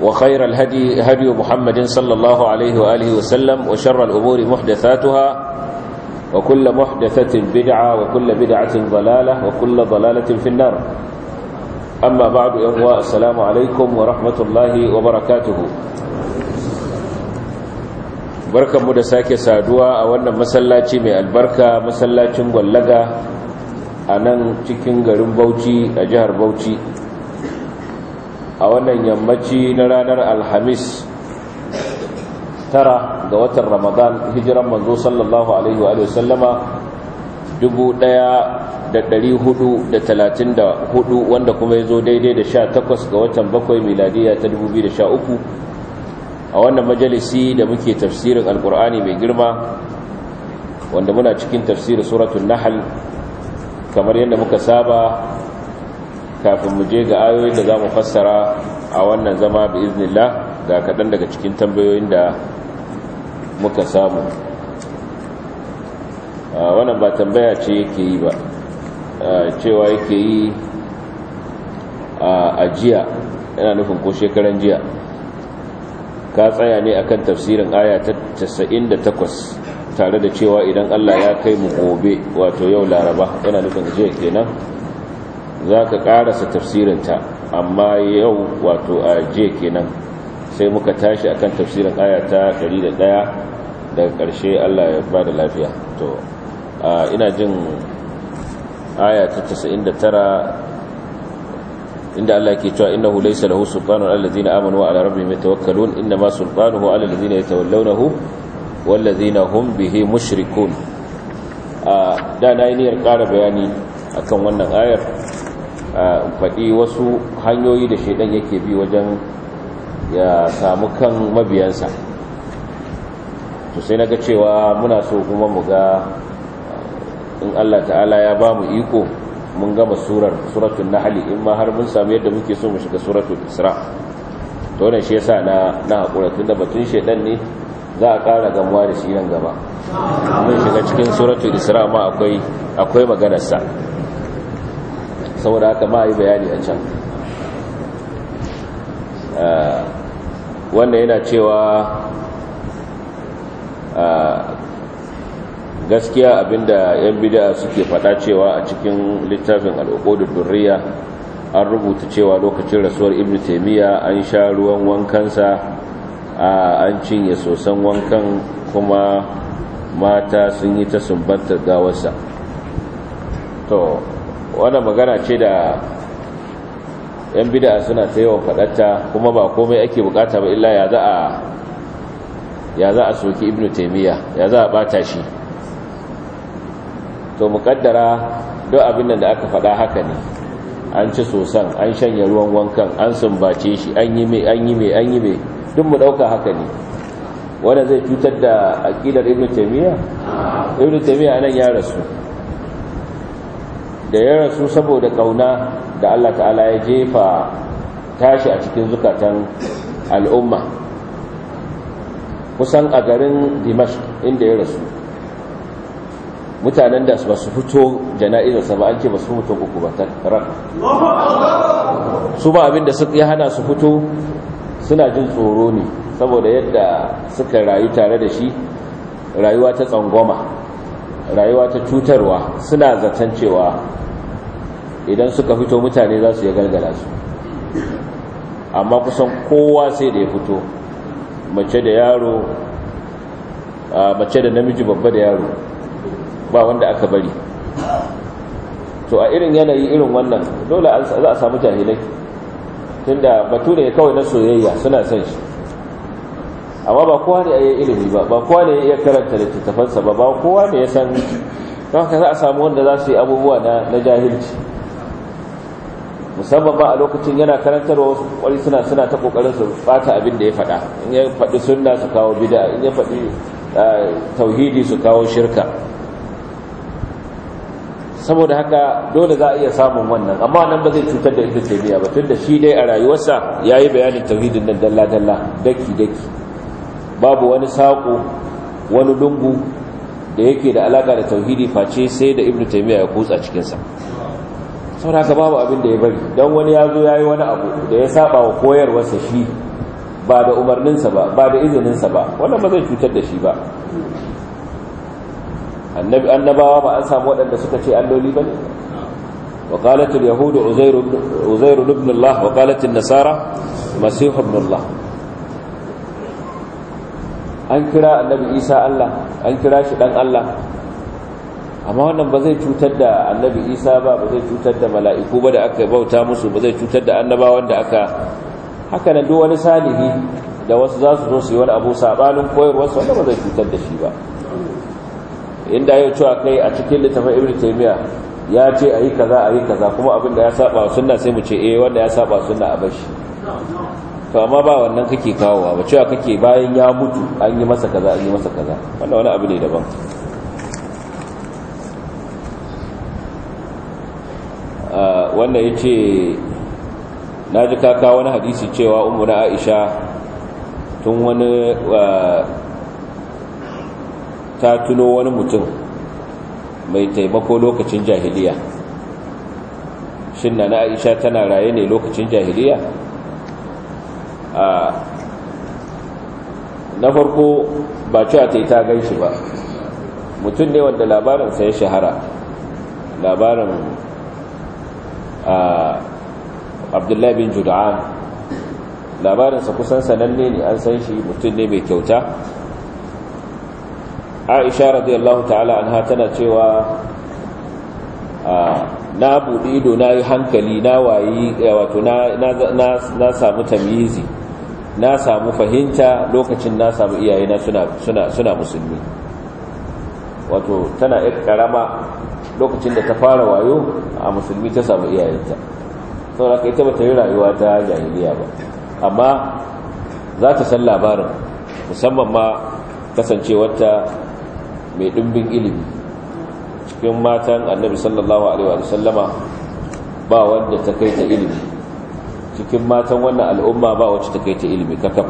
وخير الهدي هدي محمد صلى الله عليه وآله وسلم وشر الأمور محدثاتها وكل محدثة بدعة وكل بدعة ضلالة وكل ضلالة في النار أما بعد إخوة السلام عليكم ورحمة الله وبركاته بركة مدساك سادوا أولا مسلاتي من البركة مسلاتي مغلقة أنا تكين غرم بوتي أجهر بوتي a wannan yammaci na ranar alhamis tara ga watan ramadan hijiran manzo sallallahu alaihi wa sallama dubu da da da talatin hudu wanda kuma ya zo daidai da sha takwas ga watan bakwai miladiya ta dubu biyu da sha uku. a wannan majalisi da muke tafsirin alkur'ani mai girma wanda muna cikin tafsirin suratun nahal kamar yadda muka saba kafin mu je ga ayoyin da za mu fassara a wannan zama bi iznillah ga kaɗan daga cikin tambayoyin da muka samu wannan ba tambaya ce yake yi ba cewa yake yi a jiya yana nufin ko shekaran jiya ka tsaya ne a kan tafsirin aya ta 98 tare da cewa idan Allah ya kai mu gobe wato yau laraba yana nufin jiya kenan za ka karasa tafsirinta amma yau wato a je kenan sai muka tashi akan tafsirin aya ta 101 daga ƙarshe Allah ya ba da lafiya to ina jin aya ta 99 inda Allah ke cewa innahu laysa lahu sultanun allazina amanu wa ala rabbihim yatawakkalun inma sultanuhu ala allazina yatawallawnahu wallazina hum bihi mushrikun a da na yi niyyar ƙara bayani akan wannan ayar faɗi wasu hanyoyi da shaidan yake bi wajen ya samu kan mabiyansa to sai naga cewa muna so kuma mu ga in Allah ta'ala ya ba mu iko mun gama surar suratul nahl in ma har mun samu yadda muke so mu shiga suratul isra to wannan shi yasa na na hakura tunda batun shaidan ne za a ƙara gamuwa da shi nan gaba mun shiga cikin suratul isra ma akwai akwai maganar sa saboda haka ba yi bayani a can ah, wanda yana cewa ah, gaskiya abinda yan bid'a suke fada cewa a cikin littafin al'uqudud duriya an rubuta cewa lokacin rasuwar ibn taimiyya an sha ruwan wankansa an cinye sosan wankan kuma mata sun yi ta sumbantar gawarsa to wannan magana ce da yan bid'a suna ta yawan faɗarta kuma ba komai ake bukata ba illa ya za a ya za a soki ibnu taymiya ya za a bata shi to muƙaddara duk abin nan da aka faɗa haka ne an ci sosan an shanye ruwan wankan an sumbace shi an yi mai an yi mai an yi mai duk mu ɗauka haka ne wanda zai cutar da aƙidar ibnu taymiya ibnu taymiya nan ya rasu da ya rasu saboda kauna da Allah ta'ala ya jefa tashi a cikin zukatan al'umma kusan a garin dimash inda ya rasu mutanen da ba su fito jana'izarsa ba an ce ba su fito uku ba ta raka su ba abinda su ya hana su fito suna jin tsoro ne saboda yadda suka rayu tare da shi rayuwa ta tsangwama rayuwa ta cutarwa suna zaton cewa idan suka fito mutane za su ya gargara su amma kusan kowa sai da ya fito mace da yaro mace da namiji babba da yaro ba wanda aka bari to a irin yanayi irin wannan dole za a samu jahilai tunda batu ne kawai na soyayya suna son shi amma ba kowa ne a yi ilimi ba ba kowa ne ya karanta littattafansa ba ba kowa ne ya san don haka za a samu wanda za su yi abubuwa na jahilci musamman ba a lokacin yana karantarwa wasu kwari suna suna ta kokarin su bata abin da ya faɗa in ya faɗi sunna su kawo bid'a in ya faɗi tauhidi su kawo shirka saboda haka dole za a iya samun wannan amma nan ba zai cutar da ita taymiya ba da shi dai a rayuwarsa ya yi bayanin tauhidin nan dalla dalla daki daki babu wani saƙo wani lungu da yake da alaka da tauhidi face sai da ibnu taimiyya ya kutsa cikinsa sau da haka babu abin da ya bari don wani ya zo ya yi wani abu da ya saba wa koyarwarsa shi ba da umarninsa ba ba da izininsa ba wannan ba zai cutar da shi ba annabi annabawa ba an samu waɗanda suka ce alloli ba ne وقالت yahudu uzairu عزير ابن الله وقالت النصارى an kira annabi isa Allah an kira shi dan Allah amma wannan ba zai cutar da annabi isa ba ba zai cutar da mala'iku ba da aka bauta musu ba zai cutar da annabawan da aka haka nan duk wani salihi da wasu za su zo su yi wani abu sabanin koyarwarsu wanda ba zai cutar da shi ba inda yau cewa kai a cikin littafin ibn taymiya ya ce a yi kaza a yi kaza kuma abin da ya saba sunna sai mu ce eh wanda ya saba sunna a bashi. kama ba wannan kake kawowa ba cewa kake bayan ya mutu an yi masa kaza an yi masa kaza wannan wani abu ne daban ah, wanda ya ce na ji kaka wani hadisi cewa umuna aisha tun wani ah, ta tuno wani mutum mai taimako lokacin jahiliya shin na aisha tana raye ne lokacin jahiliya na farko ba cewa ta yi ta gan shi ba mutum ne wanda labarinsa ya shahara labarin abdullahi bin juda'an labarinsa kusan sananne ne an san shi mutum ne mai kyauta aisha yallahu ta'ala anha tana cewa na buɗi ido na yi hankali na wayi wato na samu tamizi na samu fahimta lokacin na samu iyayena suna suna musulmi wato tana yar karama lokacin da ta fara wayo a musulmi ta samu iyayenta saboda kai ta yi rayuwa ta jahiliya ba amma za ta san labarin musamman ma kasancewarta mai ɗimbin ilimi cikin matan annabi sallallahu alaihi wa sallama ba wanda ta kai ta ilimi cikin matan wannan al'umma ba wacce ta kai ta ilimi kakam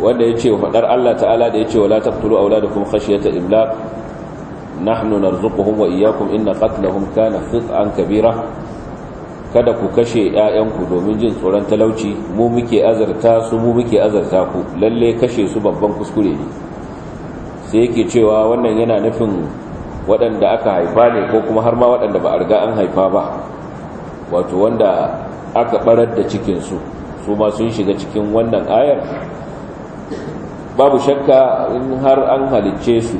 wanda ya ce wa faɗar Allah ta'ala da ya ce wa a kashi taqtulu ta imla na hannunar narzuquhum wa iyyakum inna qatlahum kana an kabira kada ku kashe 'ya'yanku domin jin tsoron talauci mu muke azarta su mu muke azarta ku lalle kashe su babban kuskure ne sai yake cewa wannan yana nufin waɗanda aka haifa ne ko kuma har ma waɗanda ba a riga an haifa ba wato wanda aka barar da cikinsu su ma sun shiga cikin wannan ayar babu shakka in har an halicce su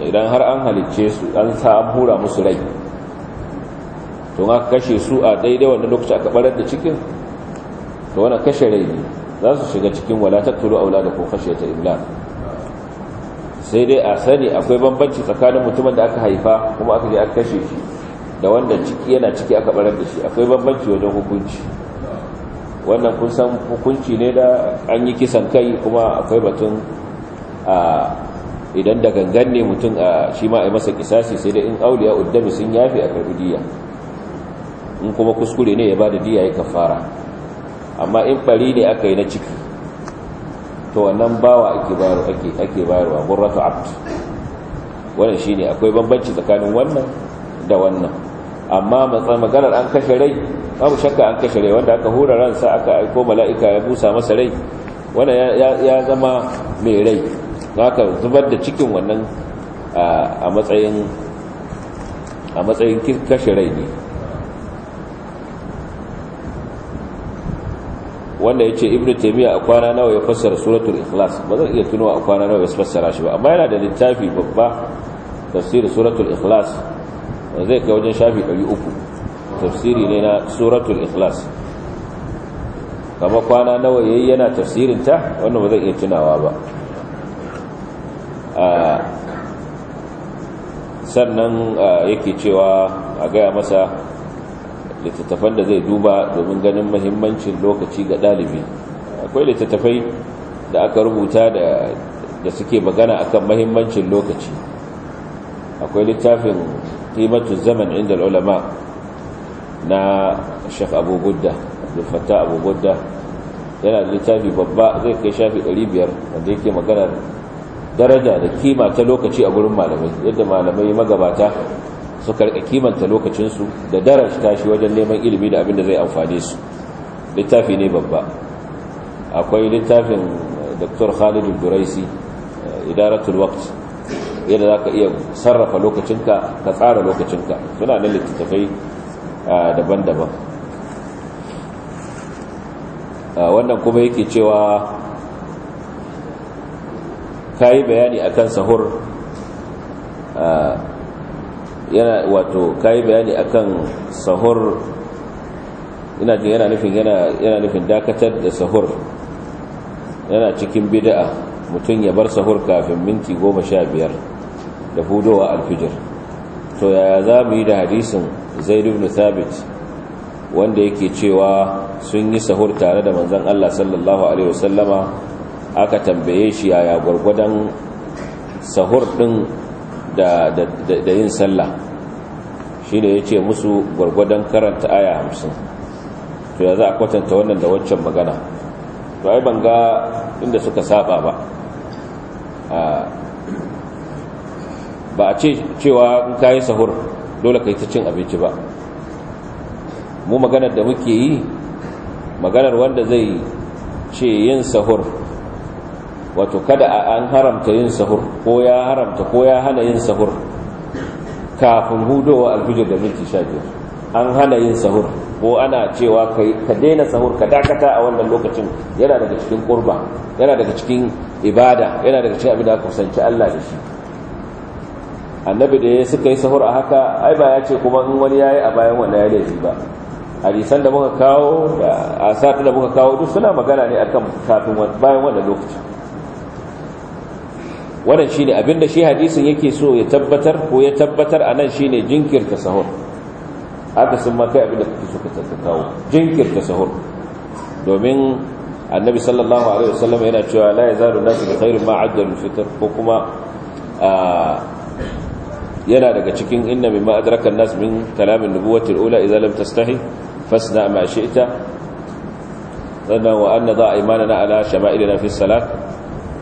idan har an halicce su an sa an hura musu rai to ma kashe su a daidai wannan lokaci aka barar da cikin to wannan kashe rai ne za su shiga cikin wala tattulu kashe ta illa sai dai a sani akwai bambanci tsakanin mutumin da aka haifa kuma aka je aka kashe shi da wanda ciki yana ciki aka barar da shi akwai bambanci wajen hukunci wannan kun san hukunci ne da an yi kisan kai kuma akwai batun a idan da gangan ne mutum a shi ma a masa kisasi sai da in auliya uddami sun yafi a karbi diya in kuma kuskure ne ya ba da diya ya kafara amma in bari ne aka yi na ciki to wannan bawa ake bayarwa ake ake bayarwa gurratu abd wannan shine akwai bambanci tsakanin wannan da wannan amma maganar an kashe rai babu shakka an kashe rai wanda aka hura ransa aka aiko mala'ika ya busa masa rai wanda ya zama mai rai ka zubar da cikin wannan a matsayin kashe rai ne wanda ya ce ibn taimiyya a kwana nawa ya fassara suratul ikhlas ba zan iya tunowa a kwana nawa ya fassara shi ba amma yana da littafi babba tafsirin suratul ikhlas zai kai wajen shafi 300 tafsiri ne na suratul ikhlas kama kwana nawa yayi yana tafsirin ta wannan ba zai iya tunawa ba sannan yake cewa a gaya masa littattafan da zai duba domin ganin mahimmancin lokaci ga ɗalibi akwai littattafai da aka rubuta da suke magana akan mahimmancin lokaci akwai littafin qimatu zaman inda ulama na Sheikh Abu Budda Abdul Abu Budda yana da littafi babba zai kai shafi 500 wanda yake maganar daraja da kima ta lokaci a gurin malamai yadda malamai magabata suka rika kimanta lokacinsu da darajta shi wajen neman ilimi da abin da zai amfane su littafi ne babba akwai littafin Dr. Khalid Duraisi idaratul waqt yadda za ka iya sarrafa lokacinka ka tsara lokacinka suna nan littattafai daban-daban wannan kuma yake cewa ka yi bayani akan sahur yana wato ka yi bayani kan sahur ina yana nufin yana nufin dakatar da sahur yana cikin bida'a mutum ya bar sahur kafin minti goma sha biyar da hudowa alfijir to yaya za mu yi da hadisin zai ibn thabit wanda yake cewa sun yi sahur tare da manzon Allah sallallahu alaihi wasallama aka tambaye shi yaya gwargwadon sahur din da da yin sallah shine yace musu gwargwadon karanta aya hamsin. to ya za a kwatanta wannan da waccan magana to ai banga inda suka saba ba ah, ba a ce cewa in kayi sahur dole ka yi ta cin abinci ba mu maganar da muke yi maganar wanda zai ce yin sahur wato kada a an haramta yin sahur ko ya haramta ko ya hana yin sahur kafin hudowa alfijir da minti sha biyar an hana yin sahur ko ana cewa ka daina sahur ka dakata a wannan lokacin yana daga cikin kurba yana daga cikin ibada yana daga cikin abin da aka kusanci Allah da shi annabi da ya suka yi sahur a haka ai ba ya ce kuma in wani yayi a bayan wanda ya laifi ba hadisan da muka kawo da asar da muka kawo duk suna magana ne akan kafin bayan wannan lokaci wannan shine abinda shi hadisin yake so ya tabbatar ko ya tabbatar anan shine jinkirta sahur haka sun ma kai abinda kake so ka kawo jinkirta sahur domin annabi sallallahu alaihi wasallam yana cewa la yazalu nasu bi khairin ma fitr ko kuma ah, yana daga cikin inna mimma adraka an-nas min kalamin nubuwati al-ula idza lam tastahi fasna ma shi'ta sannan wa an nadha aymanana ala shama'ilina fi as-salat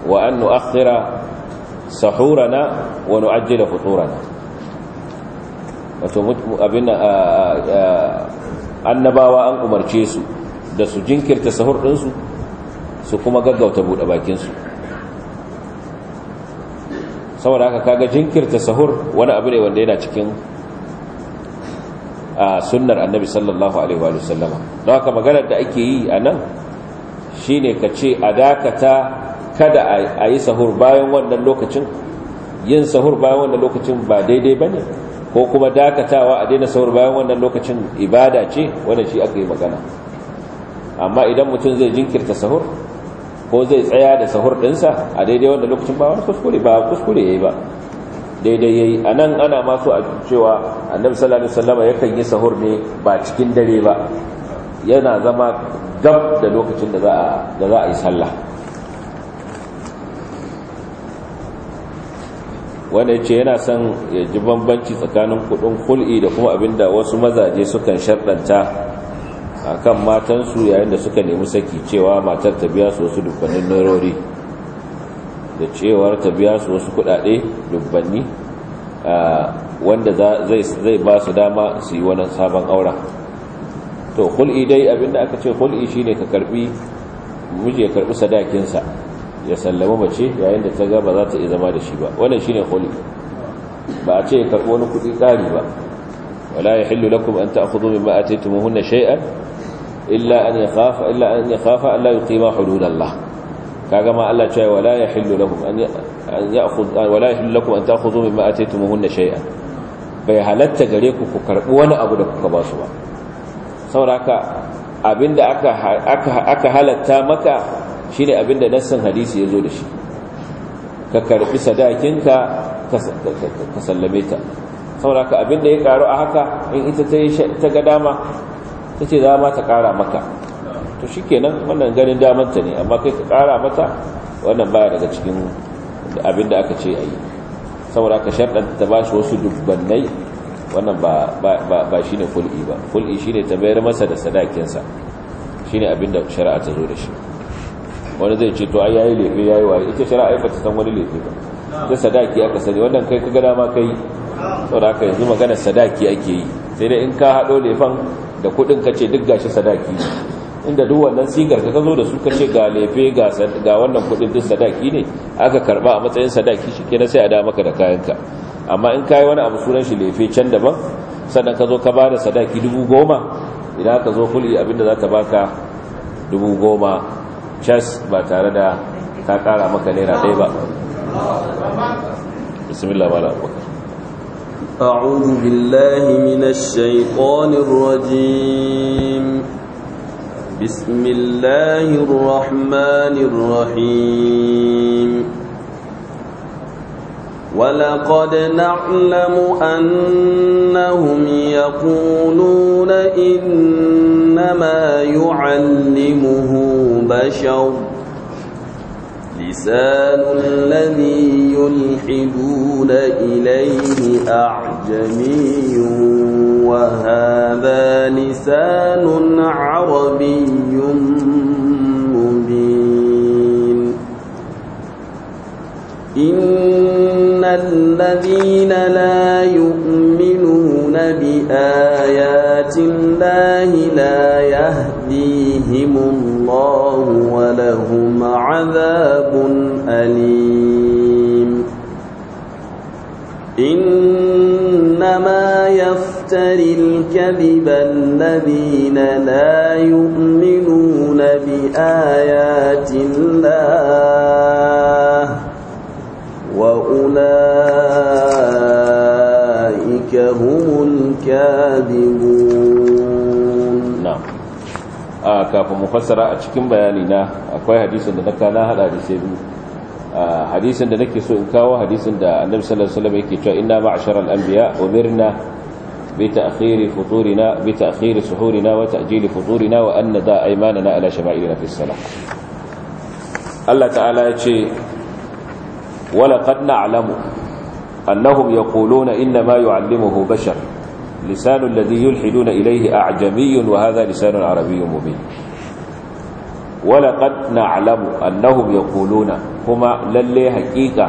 wa an nu'akhkhira sahurana wa nu'ajjila futurana wato abin annabawa an umarce su da su jinkirta sahur ɗinsu su kuma gaggauta buɗe bakinsu saboda haka kaga jinkirta sahur wani abu ne wanda yana cikin a sunnar annabi sallallahu alaihi wa sallama don haka maganar da ake yi a nan shine ka ce a dakata kada a yi sahur bayan wannan lokacin yin sahur bayan wannan lokacin ba daidai ba ne ko kuma dakatawa a daina sahur bayan wannan lokacin ibada ce wanda shi aka yi magana amma idan mutum zai jinkirta sahur ko zai tsaya da sahur ɗinsa a daidai wanda lokacin ba wani kuskure ba kuskure ya yi ba daidai ya yi a nan ana masu a cewa annabi sallallahu alaihi wasallama yakan yi sahur ne ba cikin dare ba yana zama gab da lokacin da za a yi sallah wanda ya ce yana son ya ji bambanci tsakanin kudin kul'i da kuma abinda wasu mazaje sukan sharɗanta a kan matansu yayin da suka nemi saki cewa matar ta biya su wasu dubbanin nerori da cewar ta biya su wasu kudade dubbanni wanda zai ba su dama su yi wani sabon aura to kul'i dai abinda aka ce kul'i shine ka karbi muje ya karbi sadakinsa ya sallama mace yayin da ta ga ba za ta yi zama da shi ba wannan shine kul'i ba a ce ya karbi wani kudi tsari ba wala ya hillu lakum an ta'khudhu mimma ataytumuhunna shay'an illa an yakhafa illa an yakhafa alla yuqima hududallah kaga ma Allah cewa wala yahillu lahum an ya'khudh wala yahillu lakum an ta'khudhu mimma ataytumuhunna shay'an bai halatta gare ku ku karbi wani abu da kuka ba su ba saboda haka abinda aka aka halatta maka shine abinda nassin hadisi zo da shi ka karbi sadakinka ka sallame ta haka abinda ya karu a haka in ita ta ga dama ta ce za ma ta ƙara maka to shi kenan wannan ganin damanta ne amma kai ka ƙara mata wannan baya daga cikin abin da aka ce a yi saboda ka sharɗanta ta ba shi wasu dubbannai wannan ba shi ne ful'i ba ful'i shi ne ta bayar masa da sadakinsa shi ne abin da shari'a ta zo da shi wani zai ce to ai yayi lefe yi waye ita shari'a ba ta san wani lefe ba sai sadaki aka sani wannan kai ka gada ma kai saboda haka yanzu magana sadaki ake yi sai dai in ka haɗo lefan da kudin ka ce duk gashi sadaki inda duk wannan sigar ka zo da su ka ce ga lefe ga wannan kudin duk sadaki ne aka karba a matsayin sadaki shi kenan sai a da maka da kayanka amma in kayi wani abu sunan shi lefe can daban sannan ka zo ka ba da sadaki dubu goma idan ka zo kuli abinda za ta baka dubu goma cas ba tare da ta kara maka naira ɗaya ba bismillah أعوذ بالله من الشيطان الرجيم بسم الله الرحمن الرحيم ولقد نعلم أنهم يقولون إنما يعلمه بشر لسان الذي يلحدون إليه أعلم أعجمي وهذا لسان عربي مبين إن الذين لا يؤمنون بآيات الله لا يهديهم الله ولهم عذاب أليم إن إنما يفتري الكذب الذين لا يؤمنون بآيات الله وأولئك هم الكاذبون نعم آه كافة مفسرة أتشكين بيانينا أكوي حديث لنكا نهل حديث hadisin da nake so in kawo hadisin da annabi sallallahu alaihi wasallam yake cewa inna ma'shara al-anbiya umirna bi ta'khiri futurina bi ta'khiri suhurina wa ta'jili futurina wa an da aymanana ala shama'ilina fi salah Allah ta'ala ya ce wala qad na'lamu annahum yaquluna inna ma yu'allimuhu bashar lisanu alladhi yulhiduna ilayhi a'jamiyyun wa hadha lisanu arabiyyun mubin ولقد نعلم أنهم يقولون كما lallai haƙiƙa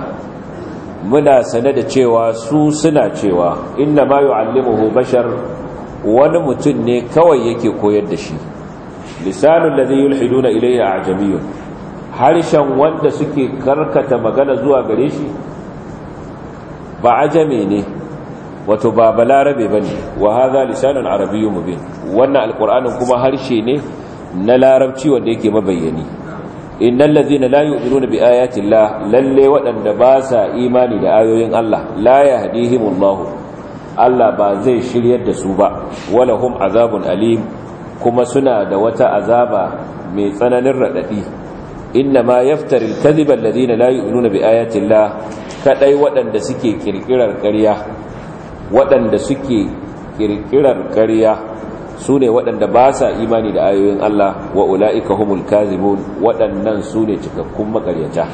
muna sane da cewa su suna cewa inna ma yu'allimuhu bashar wani mutum ne kawai yake koyar da shi lisanul ladhi yulhiduna ilayhi ajamiyun harshen wanda suke karkata magana zuwa gare shi ba ajame ne wato ba balarabe bane wa hadha lisanul arabiyyun mubin wannan alqur'anin kuma harshe ne na larabci wanda yake mabayyani innal ladzina la yu'minuna bi ayati llah lalle wadanda ba sa imani da ayoyin Allah la yahdihimullahu Allah ba zai shiryar da su ba wala azabun alim kuma suna da wata azaba mai tsananin radadi inna ma yaftaril kadhiba alladhina la yu'minuna bi ayati llah kadai wadanda suke kirkirar ƙarya wadanda suke kirkirar ƙarya su ne waɗanda ba sa imani da ayoyin Allah wa ula'ika humul kazibun waɗannan su ne cikakkun makaryata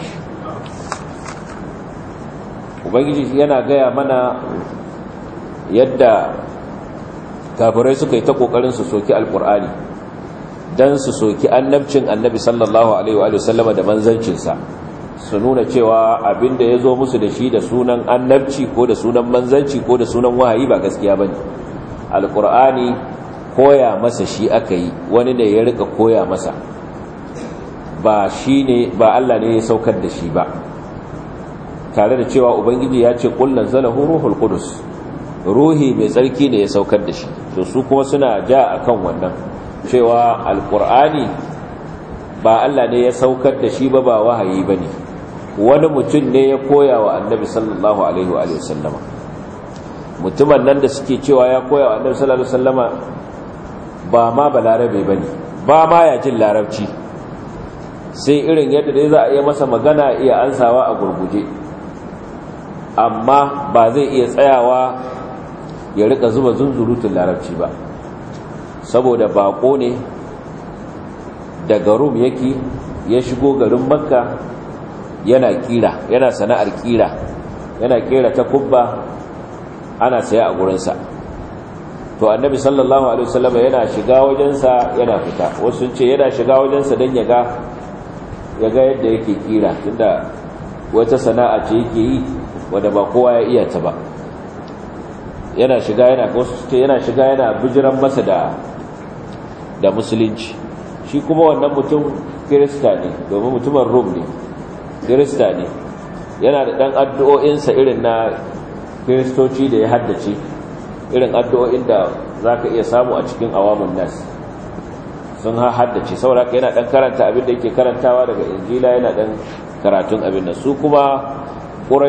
ubangiji yana gaya mana yadda kafirai suka yi ta ƙoƙarin su soki alƙur'ani don su soki annabcin annabi sallallahu alaihi wa sallama da manzancinsa su nuna cewa abinda ya zo musu da shi da sunan annabci ko da sunan manzanci ko da sunan wahayi ba gaskiya ba ne alƙur'ani koya masa shi aka yi wani ne ya rika koya masa ba shi ne ba Allah ne ya saukar da shi ba tare da cewa ubangiji ya ce kullan zalahu ruhul qudus ruhi mai tsarki ne ya saukar da shi to su kuma suna ja akan wannan cewa alqur'ani ba Allah ne ya saukar da shi ba ba wahayi bane wani mutum ne ya koya wa annabi sallallahu alaihi wa sallama mutumin nan da suke cewa ya koya wa annabi sallallahu alaihi wasallama ba ma larabe ba ne ba ma ya jin larabci sai irin yadda dai za a iya masa magana iya ansawa a gurguje amma ba zai iya tsayawa ya rika zuba zunzurutun larabci ba saboda bako ne daga rum yake ya shigo garin makka yana kira yana sana'ar kira yana ƙera ta kubba ana saya a gurinsa to annabi sallallahu alaihi wasallam yana shiga wajensa yana fita wasu ce yana shiga wajensa dan ya ga yadda yake kira tunda wata sana'a ce yake yi wanda ba kowa ya iya ta ba yana shiga yana wasu ce yana shiga yana bijiran masa da da musulunci shi kuma wannan mutum kirista ne domin mutumin rum ne kirista ne yana da dan addu'o'insa irin na kiristoci da ya haddace irin addu'o'in da za ka iya samu a cikin awamun nas sun haddace saboda yana ɗan karanta abin da yake karantawa daga injila yana ɗan karatun abin nan su kuma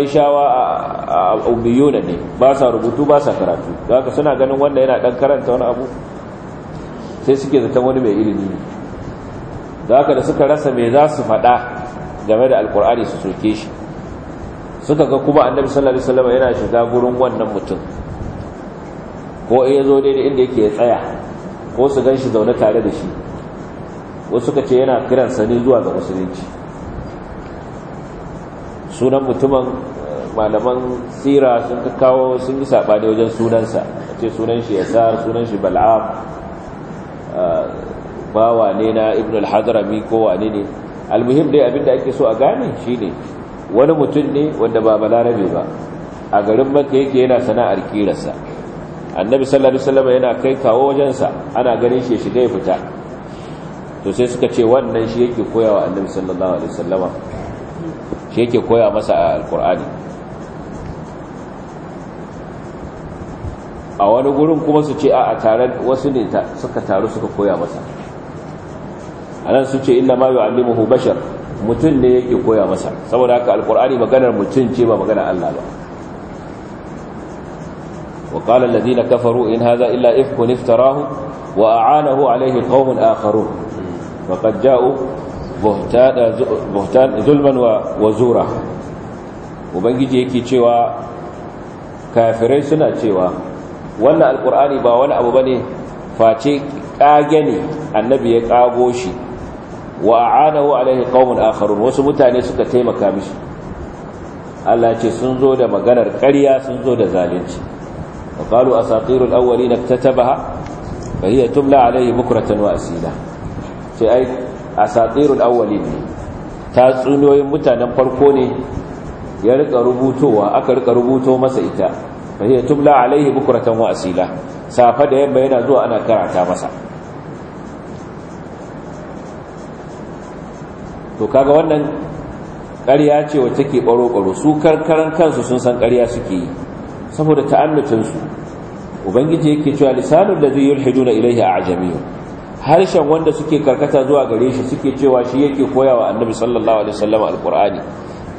shawa a da ne ba sa rubutu ba sa karatu za ka suna ganin wanda yana ɗan karanta wani abu sai suke zaton wani mai ilimi ne za ka da suka rasa mai za su faɗa game da alkur'ani su soke shi suka ga kuma annabi sallallahu alaihi wasallam yana shiga gurin wannan mutum ko ya zo daidai inda yake ya tsaya ko su gan shi zaune tare da shi wasu suka ce yana kiran sani zuwa ga musulunci sunan mutumin malaman tsira sun kawo sun yi saɓani wajen sunansa a ce sunan shi yasar sunan shi bal'am eh, ba wane na ibn al-hadrami ko wane ne almuhim dai abinda ake so a gane shi ne wani mutum ne wanda ba balarabe ba a garin maka yake yana sana'ar kirarsa annabi sallallahu alaihi wasallam yana kai kawo wajensa ana ganin shi ya shiga ya fita to sai suka ce wannan shi yake koyawa annabi sallallahu alaihi wasallam shi yake koya masa a a wani gurin kuma su ce a tare wasu ne suka taru suka koya masa a nan su ce inna ma yu'allimuhu bashar mutum ne yake koya masa saboda haka alqur'ani maganar mutum ce ba maganar Allah ba وقال الذين كفروا إن هذا إلا إفك افتراه وأعانه عليه قوم آخرون فقد جاءوا بهتان ظلما وزورا وبنجي يكي cewa kafirai suna cewa wannan alkur'ani ba wani abu bane face kage ne annabi ya kago shi wa a'anahu alaihi qaumun akharun wasu mutane suka taimaka mishi Allah ya ce sun zo da maganar karya sun zo da zalunci وقالوا أساطير الأولين اكتتبها فهي تملى عليه بكرة وأسيلة في أي أساطير الأولين tatsuniyoyi mutanen farko ne ya rika rubutowa aka rika rubuto masa ita fa hiya tubla alaihi bukratan wa asila safa da yamma yana zuwa ana karata masa to kaga wannan karya cewa take baro baro su karkaran kansu sun san ƙarya suke yi saboda ta'annucinsu ubangiji yake cewa lisanun da zai na ilaihi a Ajamiyu, harshen wanda suke karkata zuwa gare shi suke cewa shi yake wa annabi sallallahu alaihi wasallam alqur'ani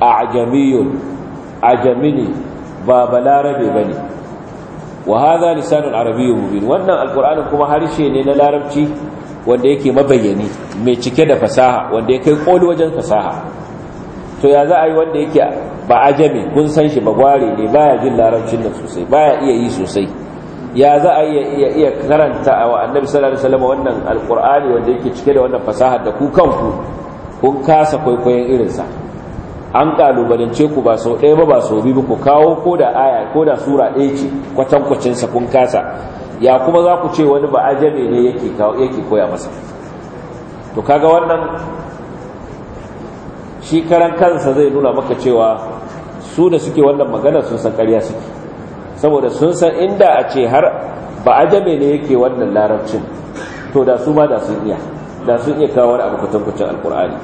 a ajamiyun ajamini ba balarabe bane wa hadha lisanun arabiyyun mubin wannan alqur'ani kuma harshe ne na larabci wanda yake mabayyani mai cike da fasaha wanda ya kai koli wajen fasaha to ya za a yi wanda yake ba ajami kun san shi bagware ne baya jin larabcin da sosai baya iya yi sosai ya za a iya iya karanta wa annabi sallallahu alaihi wasallam wannan alqur'ani wanda yake cike da wannan fasahar da ku kanku kun kasa kwaikwayon sa an kalubalance ku ba sau ɗaya ba ba sau biyu ku kawo ko da aya ko da sura ɗaya ce sa kun kasa ya kuma za ku ce wani ba jami ne yake koya masa to kaga wannan shi karan kansa zai nuna maka cewa su da suke wannan magana sun san ƙarya suke saboda sun san inda a ce har ba ajame ne yake wannan larabcin to da su ma da sun iya da sun iya kawo wani bukutan kucin alkur'ani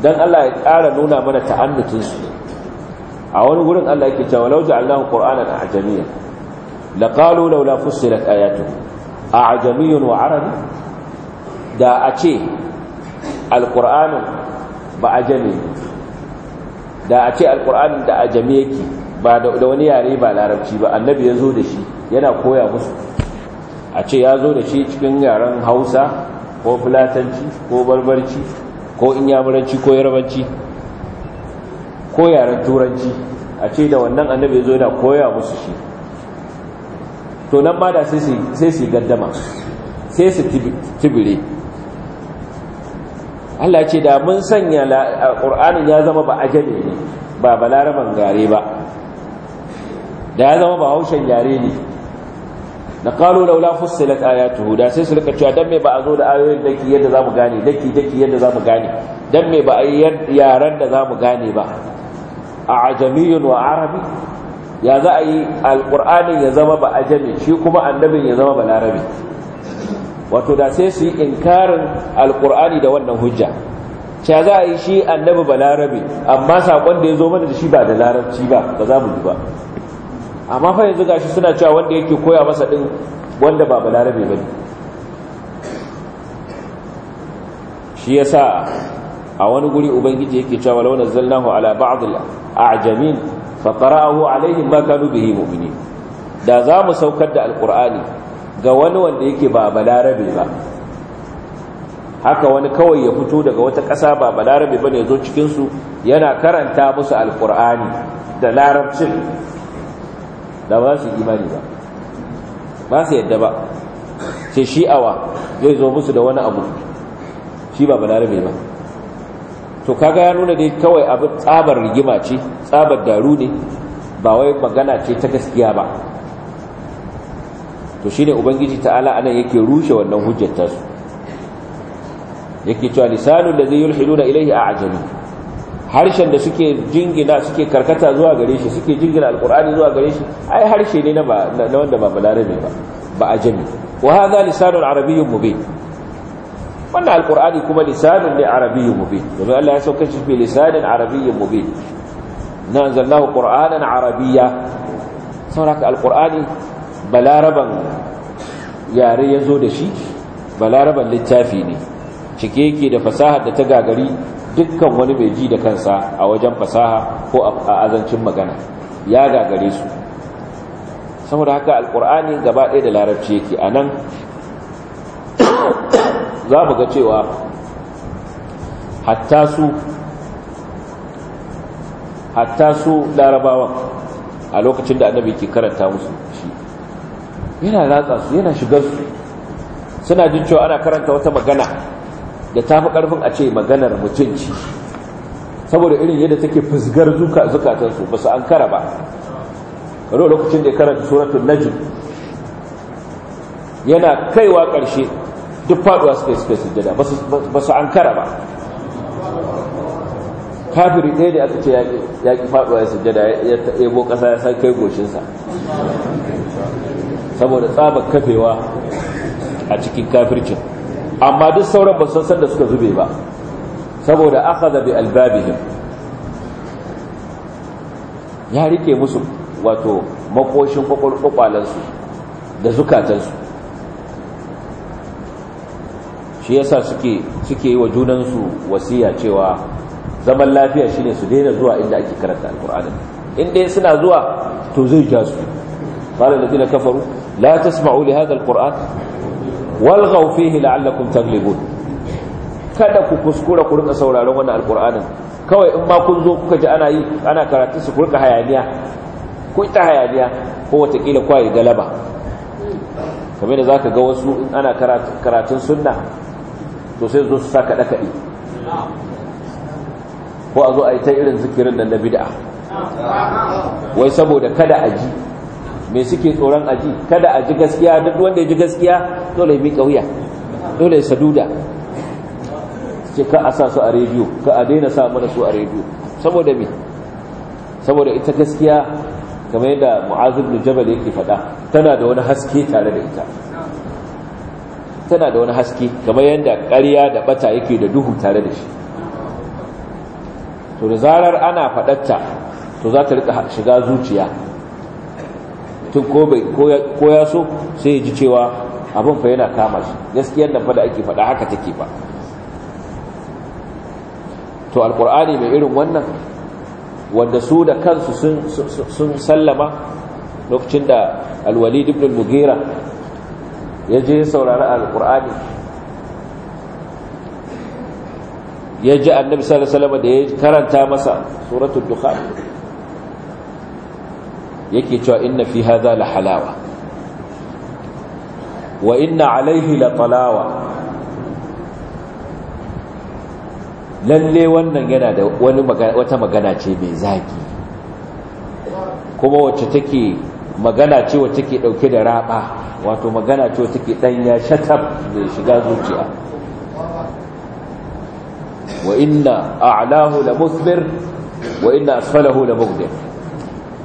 don allah ya ƙara nuna mana ta'annutinsu a wani wurin allah ya yake cewa lau a qur'anan da ƙalo laula fussilat a ajamiyyun wa arabi da a ce alkur'anin ba ajami da a ce alkur'ani da a jami yake ba da wani yare ba larabci ba annabi ya zo da shi yana koya musu a ce ya zo da shi cikin yaren hausa ko filatanci ko barbarci ko inyamuranci ko yarabanci ko yaren turanci a ce da wannan annabi ya zo yana koya musu shi to nan ba da sai su gaddama sai su tibire Allah ce da mun sanya Qur'anin ya zama ba ajami ne ba balaraban gare ba da ya zama ba haushen yare ne da qalu laula fussilat ayatuhu da sai su rika cewa dan me ba a zo da ayoyin daki yadda zamu gane daki daki yadda zamu gane dan me ba a yi yaran da zamu gane ba a ajamiyun wa arabi ya za a yi alqur'anin ya zama ba ajami shi kuma annabin ya zama balarabi wato da sai su yi inkarin alkur'ani da wannan hujja cha za a yi shi annabi ba larabe amma sakon da ya zo mana da shi ba da larabci ba ba za mu yi ba amma fa yanzu gashi suna cewa wanda yake koya masa din wanda ba balarabe ba ne shi ya sa a wani guri ubangiji yake cewa walau nazzalnahu ala ba'd al-a'jamin fa qara'ahu alaihim ma kanu bihi mu'minin da za mu saukar da alqur'ani ga wani wanda yake ba balarabe ba haka wani kawai ya fito daga wata ƙasa ba balarabe ba ne zo cikinsu yana karanta musu alkur'ani da larabcin da ba su imani ba ba su yadda ba ce shi'awa zai zo musu da wani abu shi ba balarabe ba to kaga ya nuna dai kawai abin tsabar rigima ce tsabar daru ne ba wai magana ce ta gaskiya ba to shi ne ubangiji ta'ala anan yake rushe wannan hujjar tasu yake cewa lisanul ladhi yulhiduna a a'jami harshen da suke jingina suke karkata zuwa gare shi suke jingina alqur'ani zuwa gare shi ai harshe ne na wanda ba balarabe ba ba a ajami wa hadha lisanul arabiyyun mubin wannan alqur'ani kuma lisanun ne arabiyyun mubin domin Allah ya sauka shi bi lisanin arabiyyin mubin na anzalnahu qur'anan arabiyya sauraka alqur'ani balaraban yare ya zo da shi balaraban littafi ne cike yake da fasaha da ta gagari dukkan wani mai ji da kansa a wajen fasaha ko a azancin magana ya gagare su saboda haka alkur'ani gaba ɗaya da larabci yake a nan za mu ga cewa hatta su hatta su larabawan a lokacin da annabi ke karanta musu yana ratsa su yana shigar su suna jin cewa ana karanta wata magana da tafi fi ƙarfin a ce maganar mutunci saboda irin yadda take fusgar zukatansu ba su an kara ba kano lokacin da ya karanta suratun najin yana kaiwa ƙarshe duk faɗuwa suka yi suka jada, ba su an kara ba kafiri ɗaya da aka ce ya ƙi faɗuwa ya jada, ya taɓo ƙasa ya san kai goshinsa saboda tsabar kafewa a cikin kafircin amma duk sauran ba san da suka zube ba saboda aka zabi albabihim ya rike musu wato makoshin kwakwalkwalansu da zukatansu shi yasa suke suke yi wa junansu wasiya cewa zaman lafiya shine su daina zuwa inda ake karanta alkur'ani in dai suna zuwa to zai ja su قال الذين كفروا لا تسمعوا لهذا القرآن والغوا فيه لعلكم تغلبون kada ku kuskura ku rika sauraron wannan alqur'anin kawai in ma kun zo kuka ji ana yi ana karatu su ku hayaniya ku ta hayaniya ko watakila kwaye galaba kamar da zaka ga wasu in ana karatun sunna to sai zo su sa kada kaɗe ko a zo a yi ta irin zikirin da na bid'a wai saboda kada a ji me suke tsoron aji kada a ji gaskiya duk wanda ya ji gaskiya dole ya miƙa wuya dole ya saduda ce ka a sa su a rediyo ka a daina sa mana su a rediyo saboda me saboda ita gaskiya kamar yadda mu'az da jabal yake faɗa tana da wani haske tare da ita tana da wani haske kamar yadda ƙarya da bata yake da duhu tare da shi to da zarar ana faɗatta to za ta rika shiga zuciya Tun ko ya so sai ya ji cewa abin fa yana kama shi gaskiyar da fa da ake faɗa haka take ba to alkur'ani mai irin wannan wanda su da kansu sun sallama lokacin da alwalid ibn al ya je saurari alkur'ani ya ji annabi sallallahu alaihi wasallam da ya karanta masa suratul dukhan yake cewa inna fi hadha la halawa wa inna alaihi la talawa lalle wannan yana da wani wata magana ce mai zaki kuma wacce take magana ce wacce take dauke da raba wato magana ce wacce take danya shatab da shiga zuciya wa inna a'lahu la musbir wa inna asfalahu la mughdir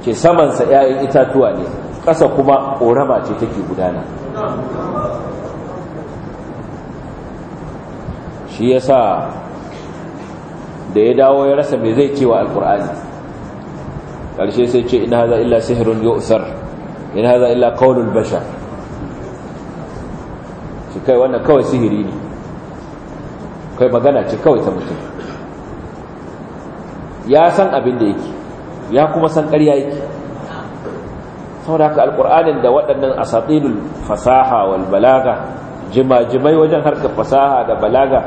ce samansa 'ya'yan itatuwa ne ƙasa kuma ƙorama ce take gudana shi ya sa da ya dawo ya rasa mai zai cewa alkur'ani ƙarshe sai ce ina haza illa sihirun usar ina haza illa kawulul bashar shi kai wannan kawai sihiri ne kai magana ce kawai ta mutum ya san abin da yake ya kuma san ƙarya yake saboda haka alƙur'anin da waɗannan asatilul fasaha wal balaga jimajimai wajen harkar fasaha da balaga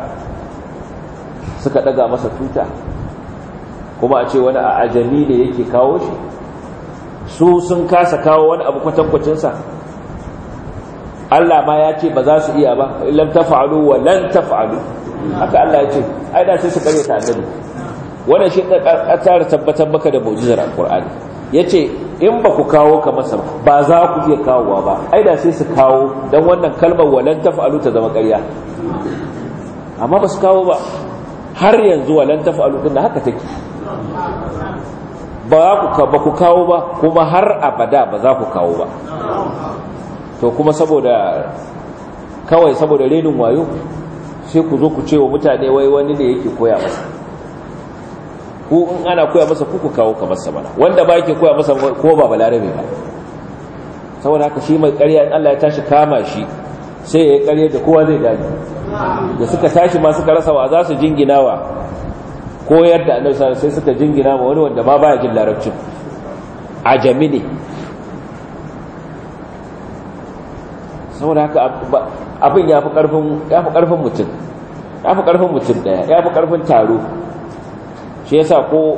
suka ɗaga masa tuta kuma a ce wani a ajami ne yake kawo shi su sun kasa kawo wani abu kwatankwacinsa Allah ma ya ce ba za su iya ba illam tafa'alu wa lan tafa'alu haka Allah ya ce ai da sai su kare ta annabi wannan shi da tsara tabbatar maka da mu'jizar alqur'ani yace in ba ku kawo ka masa ba za ku iya kawowa ba ai da sai su kawo dan wannan kalmar walan taf'alu ta zama ƙarya amma ba su kawo ba har yanzu walan taf'alu din da haka take ba ba ku kawo ba kuma har abada ba za ku kawo ba to kuma saboda kawai saboda renin wayo sai ku zo ku ce wa mutane wai wani ne yake koya masa ku in ana koya masa kuku ku kawo ka masa mana wanda ba yake koya masa ko ba balarabe ba saboda haka shi mai ƙarya in Allah ya tashi kama shi sai ya ƙarya da kowa zai dage da suka tashi ma suka rasa wa za su jinginawa koyar da annabi sallallahu sai suka jingina ma wani wanda ma baya jin larabcin ajami ne saboda haka abin ya fi ƙarfin mutum ya fi karfin mutum daya ya fi ƙarfin taro shi yasa ko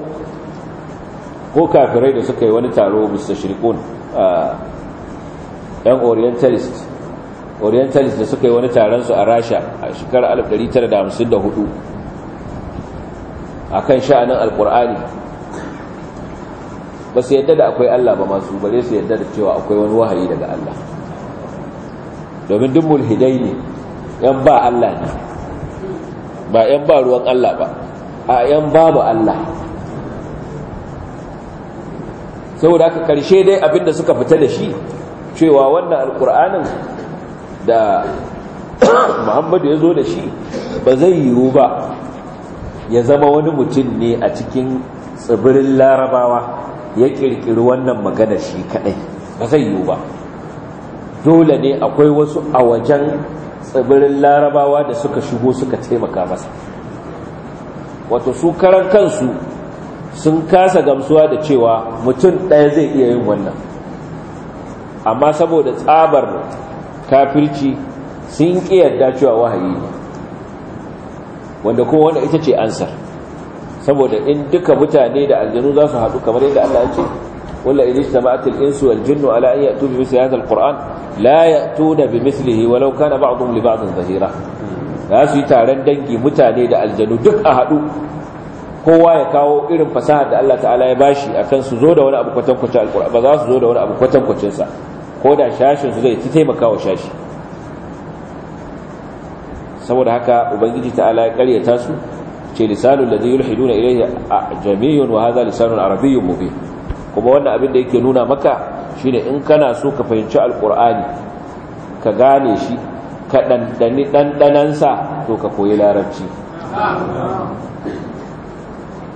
ko kafirai da suka yi wani taro a yan orientalist orientalist da suka yi wani taron su a Rasha a shekarar 1954 kan sha'anin alkur'ani ba su yadda da akwai Allah ba masu bare su yadda da cewa akwai wani wahayi daga Allah domin duk hidai ne yan ba Allah ne ba yan ba ruwan Allah ba a yan babu Allah saboda haka karshe dai abinda suka fita da shi cewa wannan alkur'anin da muhammadu ya zo da shi ba zai yiwu ba ya zama wani mutum ne a cikin tsibirin larabawa ya kirkiri wannan magana shi kadai ba zai yiwu ba dole ne akwai wasu a wajen tsibirin larabawa da suka shigo suka taimaka masa wato su karan kansu sun kasa gamsuwa da cewa mutum ɗaya zai iya yin wannan amma saboda tsabar kafirci sun ƙi yarda cewa wahayi ne wanda kuma wanda ita ce ansar saboda in duka mutane da aljanu za su haɗu kamar yadda Allah ya ce wala idh jama'at al-insu wal jinnu ala an ya'tu bi mithli hadha al-qur'an la ya'tuna bi mithlihi walau kana ba'dhum li ba'dhin zahira? za su yi taron dangi mutane da aljanu duk a haɗu kowa ya kawo irin fasahar da Allah ta'ala ya bashi akan su zo da wani abu kwatankwacin alkur'ani ba za su zo da wani abu kwatankwacin sa ko da shashin su zai ta taimaka wa shashi saboda haka ubangiji ta'ala ya karyata su ce lisanul ladhi yulhiduna a ajamiyyun wa hadha lisanun arabiyyun mubin kuma wannan abin da yake nuna maka shine in kana so ka fahimci alkur'ani ka gane shi ka ɗanɗani ɗanɗanansa to ka koyi larabci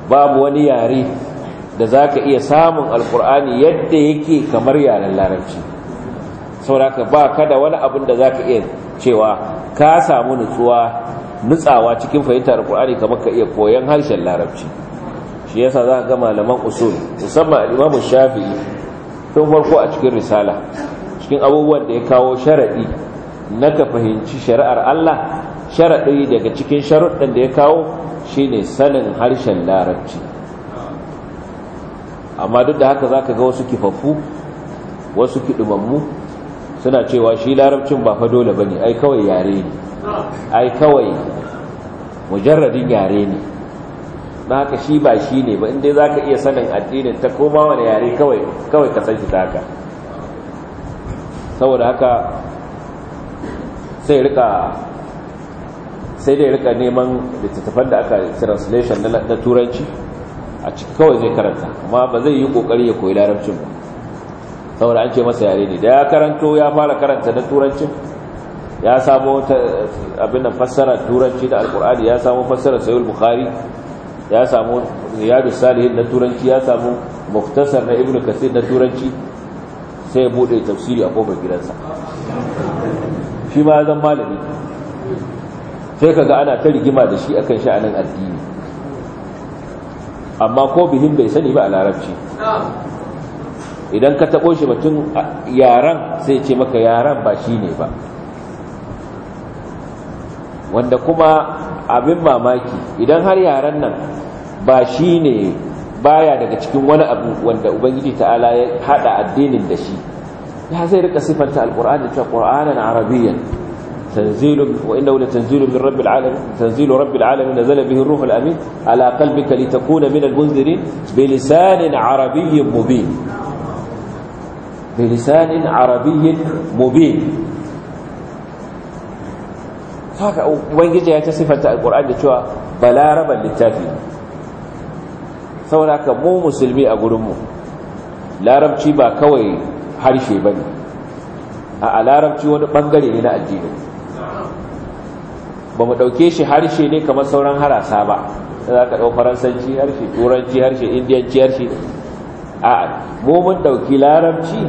babu wani yare da za ka iya samun alkur'ani yadda yake kamar yaren larabci ka ba ka da wani abin da za ka iya cewa ka samu nutsuwa nutsawa cikin fahimta alkur'ani kamar ka iya koyon harshen larabci shi yasa za ka ga malaman usul musamman al'imamu shafi'i tun farko a cikin risala cikin abubuwan da ya kawo sharaɗi na ka fahimci shari'ar Allah sharaɗi daga cikin sharuɗin da ya kawo shine sanin harshen larabci amma duk da haka zaka ga wasu kifaffu wasu kidumammu suna cewa shi larabcin ba fa dole bane ai kawai yare ne ai kawai mujarradin yare ne don haka shi ba shi ne ba inda za ka iya sanin addinin ta koma wani yare kawai ka san shi ta haka saboda haka sai rika sai dai rika neman littattafan da aka translation na turanci a ciki kawai zai karanta amma ba zai yi kokari ya koyi larabcin ba saboda an ce masa yare ne da ya karanto ya fara karanta na turancin ya samo abin da fassara turanci da alkur'ani ya samo fassara sayul bukhari ya samu riyadu salihin na turanci ya samu muftasar na ibnu kasir na turanci sai ya bude tafsiri a kofar gidansa shi ma zan malami sai kaga ana ta rigima da shi akan sha'anin addini amma ko bihin bai sani ba a larabci idan ka taɓo shi batun yaran sai ce maka yaran ba shi ne ba wanda kuma abin mamaki idan har yaran nan ba shi ne baya daga cikin wani abu wanda ubangiji ta'ala ya haɗa addinin da shi ya zai rika sifanta alqur'ani da cewa qur'anan arabiyyan تنزيل وإنه لتنزيل من رب العالمين تنزيل رب العالمين نزل به الروح الأمين على قلبك لتكون من المنذرين بلسان عربي bi? بلسان عربي مبين haka ubangiji ya ta sifanta alkur'ani da cewa balaraban littafi saboda haka mu musulmi a gurinmu larabci ba kawai harshe ba ne a larabci wani bangare ne na addini ba mu ɗauke shi harshe ne kamar sauran harasa ba za ka dau faransanci harshe turanci harshe indiyanci harshe a mu mun ɗauki larabci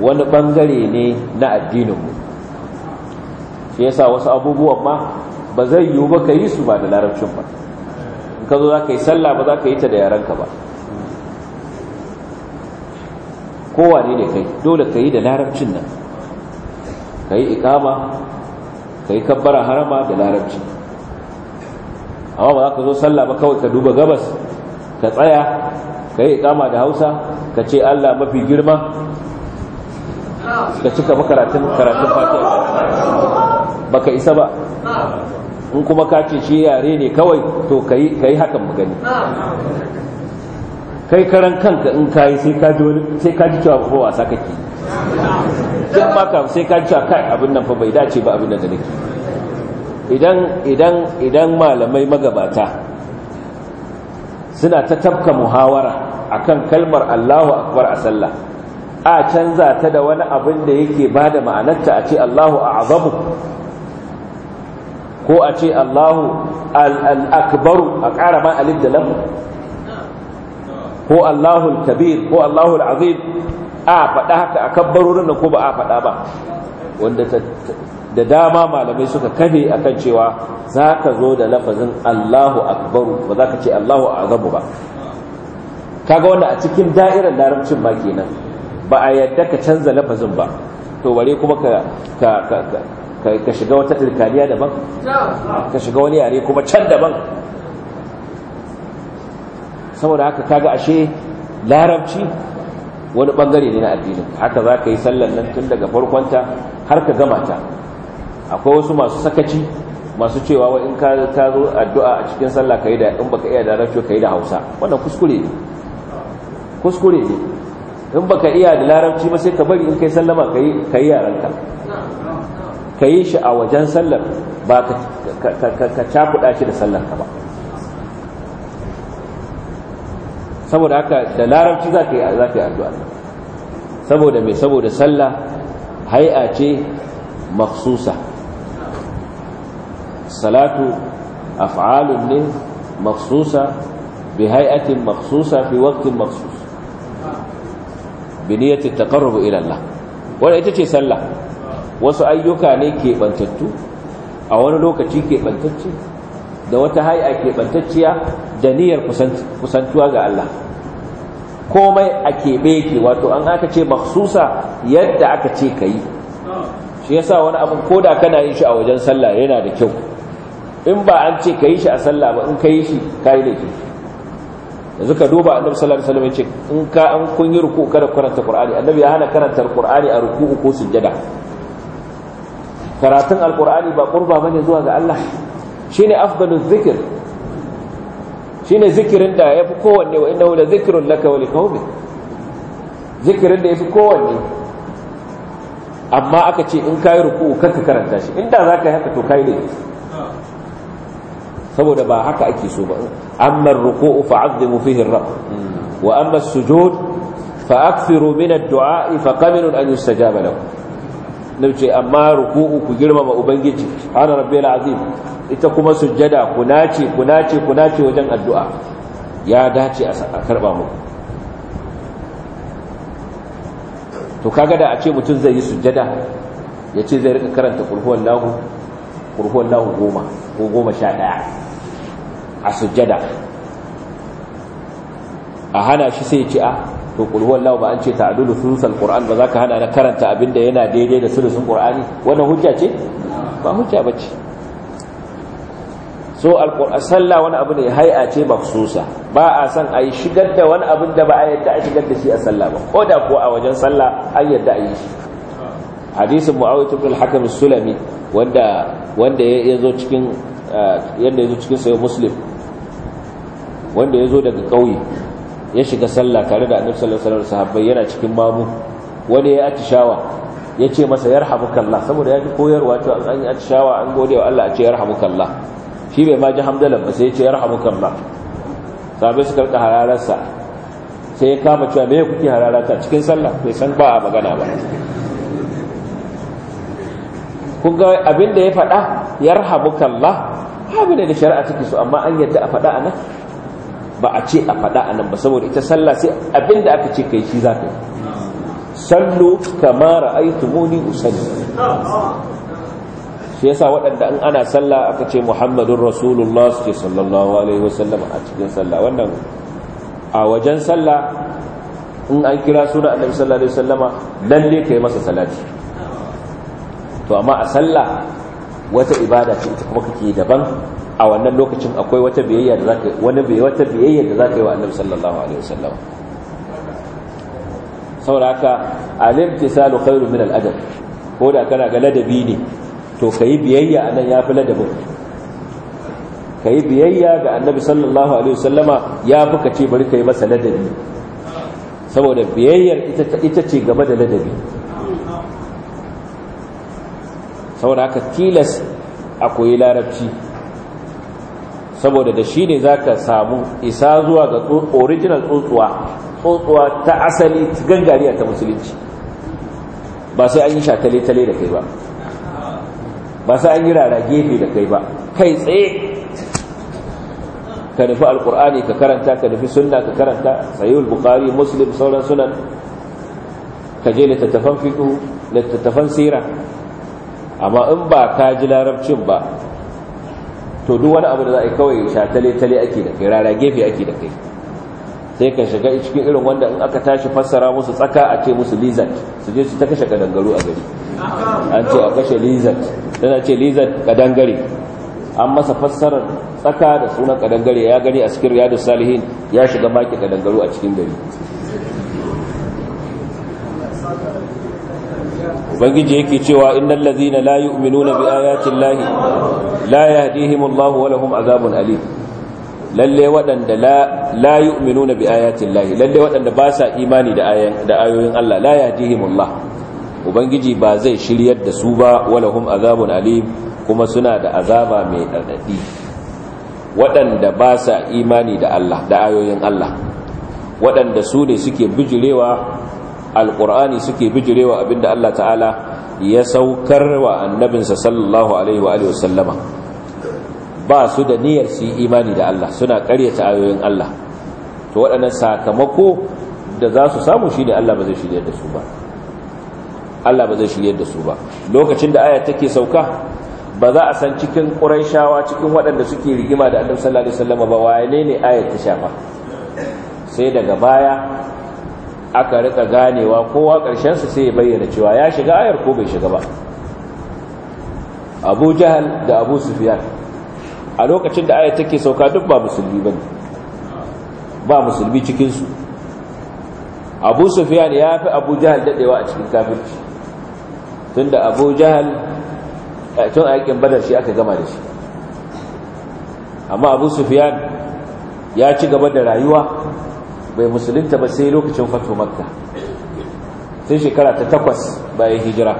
wani bangare ne na addininmu shi yasa wasu abubuwa ma ba zai yiwu ba ka yi su ba da larabcin ba in ka zo za ka yi sallah ba za ka yi ta da yarenka ba kowa ne kai dole ka yi da larabcin nan ka yi ikama ka yi kabbara harama da larabci amma ba za ka zo sallah ba kawai ka duba gabas ka tsaya ka yi ikama da hausa ka ce allah mafi girma ka cika makaratun karatun fatiha ba ka isa ba in kuma ka ce shi yare ne kawai to ka yi hakan magani kai karan kanka in ka yi sai ka ji cewa wasa kake sai ma sai ka ji cewa kai abin nan fa bai dace ba abin da nake idan idan idan malamai magabata suna ta tabka muhawara akan kalmar Allahu akbar a sallah a canza ta da wani abin da yake bada ma'anarta a ce Allahu a'zamu ko a ce Allahu al-akbaru a ƙara ma alif da lam ko Allahul kabir ko Allahul azim a faɗa haka a kabbarorin ko ba a faɗa ba wanda da dama malamai suka kafe akan cewa za ka zo da lafazin Allahu akbaru ba za ka ce Allahu azamu ba kaga wanda a cikin da'irar larabcin ba kenan ba a yadda ka canza lafazin ba to bare kuma ka ka ka shiga wata tsirkaniya daban ka shiga wani yare kuma can daban saboda haka kaga ashe larabci wani bangare ne na addinin haka za ka yi sallan nan tun daga farkonta har ka gama ta akwai wasu masu sakaci masu cewa wa in ka zo addu'a a cikin sallah ka yi da in baka iya da larabci ka yi da hausa wannan kuskure ne kuskure ne in baka iya da larabci ba sai ka bari in kai sallama ka yi yaranka ka yi shi a wajen sallar ba ka cakuɗa shi da sallar ka ba saboda haka da larabci za ka yi addu'a saboda mai saboda sallah hai'a ce maksusa salatu af'alun ne maksusa bi hai'atin maksusa fi waktin maksus bi niyyatin taqarrubu ila wadda ita ce sallah wasu ayyuka ne keɓantattu a wani lokaci bantattu? da wata hay'a keɓantacciya da niyyar kusantuwa ga Allah komai a keɓe ke wato an aka ce maksusa yadda aka ce ka yi shi sa wani abin koda kana yi shi a wajen sallah yana da kyau in ba an ce ka yi shi a sallah ba in ka yi shi ka yi laifi yanzu ka duba annabi sallallahu alaihi wasallam ya ce in ka an kun yi ruku kada karanta qur'ani annabi ya hana karanta qur'ani a ruku'u ko sujjada karatun alqur'ani ba qurba bane zuwa ga Allah Shi ne afdalu zikir shi ne zikirin da ya fi kowanne wa inda wula zikirin laka kawai zikirin da ya fi kowanne amma aka ce in kai ruku kanka karanta shi inda yi haka to kai ne saboda ba haka ake so ba ruku ruku'u fa'azzimu mu fihin ra wa amma as-sujud fa'akthiru min ad-du'a faqamilun an yustajaba lahu ce amma ruku'u ku girmama ubangiji ana rabbiyal azim ita kuma sujjada ku nace ku nace ku nace wajen addu'a ya dace a karba mu. to kaga da a ce mutum zai yi sujjada ya ce zai rika karanta kurhuwan lahu kurhuwan lahu goma ko goma sha ɗaya a sujjada a hana shi sai ce a ah, to kurhuwan lahu ba an ce ta'adulu sulusul qur'an ba za ka hana na karanta abinda yana daidai da sulusun qur'ani wannan hujja ce ba hujja ba ce. so sallah wani abu ne hai'a ce maksusa ba a san a yi shigar da wani abin da ba a yadda a shigar da shi a sallah ba ko da ko a wajen sallah an yadda a yi shi hadisin mu'awiyah ibn al-hakim sulami wanda wanda yazo cikin uh, yanda yazo cikin sayo muslim wanda yazo daga kauye ya shiga sallah tare da annabi sallallahu alaihi wasallam sahabbai yana cikin mamu wani ya atishawa ya ce masa yarhamukallah saboda ya ji koyarwa to an yi atishawa an gode wa Allah a ce yarhamukallah shi bai ma ji hamdalan ba sai ya kan ba sabai su karka hararsa sai ya kama cewa me kuke hararata cikin sallah bai san ba a magana ba kun ga abin da ya faɗa yarhamukallah abin da shari'a take su amma an yadda a faɗa anan ba a ce a faɗa anan ba saboda ita sallah sai abinda aka ce kai shi za ka yi sallu kama muni usalli shi yasa waɗanda in ana sallah aka ce muhammadun rasulullah su ce sallallahu alaihi wasallam a cikin sallah wannan a wajen sallah in an kira suna annabi sallallahu alaihi wasallama lalle kai masa salati to amma a sallah wata ibada ce ita kuma kake daban a wannan lokacin akwai wata biyayya da zaka wani bai wata biyayya da zaka yi wa annabi sallallahu alaihi wasallam saboda haka alimtisalu khairu min al-adab ko da kana ga ladabi ne to ka yi biyayya a nan ya fi ladabin ka yi biyayya ga annabi sallallahu alaihi wasallama ya fi ka ce bari ka yi masa ladabi saboda biyayyar ita ce gaba da ladabi saboda haka tilas a koyi larabci saboda da shi ne za ka samu isa zuwa ga original tsuntsuwa tsotsuwa ta asali gangariya ta musulunci ba sai an yi shataletale tale da kai ba ba sai an yi rara gefe da kai ba kai tsaye ka nufi alkur'ani ka karanta ka nufi sunna ka karanta sayyul bukhari muslim sauran sunan ka je littattafan fiqh littattafan sira amma in ba ka ji larabcin ba to duk wani abu da za a yi kawai shatale tale ake da kai rara gefe ake da kai sai ka shiga cikin irin wanda in aka tashi fassara musu tsaka a ce musu lizard su je su ta kashe kadangaru a gari an ce a kashe lizard yana ce lizard kadangare an masa fassarar tsaka da sunan kadangare ya gani a cikin riyadu salihin ya shiga maki kadangaru a cikin gari ubangiji yake cewa innal ladhina la yu'minuna bi ayati llahi la yahdihimullahu wa lahum azabun alim lalle waɗanda la yu'minuna bi lalle wadanda ba sa imani da ayoyin Allah la allah. ubangiji ba zai shiryar da su ba walahum azabun alim kuma suna da azaba mai ɗaɗaɗi waɗanda ba sa imani da Allah da ayoyin Allah waɗanda su ne suke bijirewa alƙur'ani suke bijirewa abinda Allah ta'ala ya saukar wa annabinsa sallallahu alaihi wa alihi wasallama ba su da niyyar su imani da Allah suna ƙaryata ayoyin Allah to waɗannan sakamako da za su samu shine Allah ba zai shirya da su ba Allah ba zai shirye da su ba lokacin da aya take sauka ba za a san cikin ƙurayshawa cikin waɗanda suke rigima da annabi sallallahu alaihi wasallam ba waye ne ayar ta shafa sai daga baya aka rika ganewa kowa ƙarshen sa sai ya bayyana cewa ya shiga ayar ko bai shiga ba Abu Jahl da Abu Sufyan a lokacin da ayar take sauka duk ba musulmi bane ba musulmi cikin su Abu Sufyan ya fi Abu Jahl dadewa a cikin kafirci tunda abu jahal tun a aikin badar shi aka gama da shi amma abu sufiyan ya ci gaba da rayuwa bai musulunta ba sai lokacin fatu makka sai shekara ta takwas bayan hijira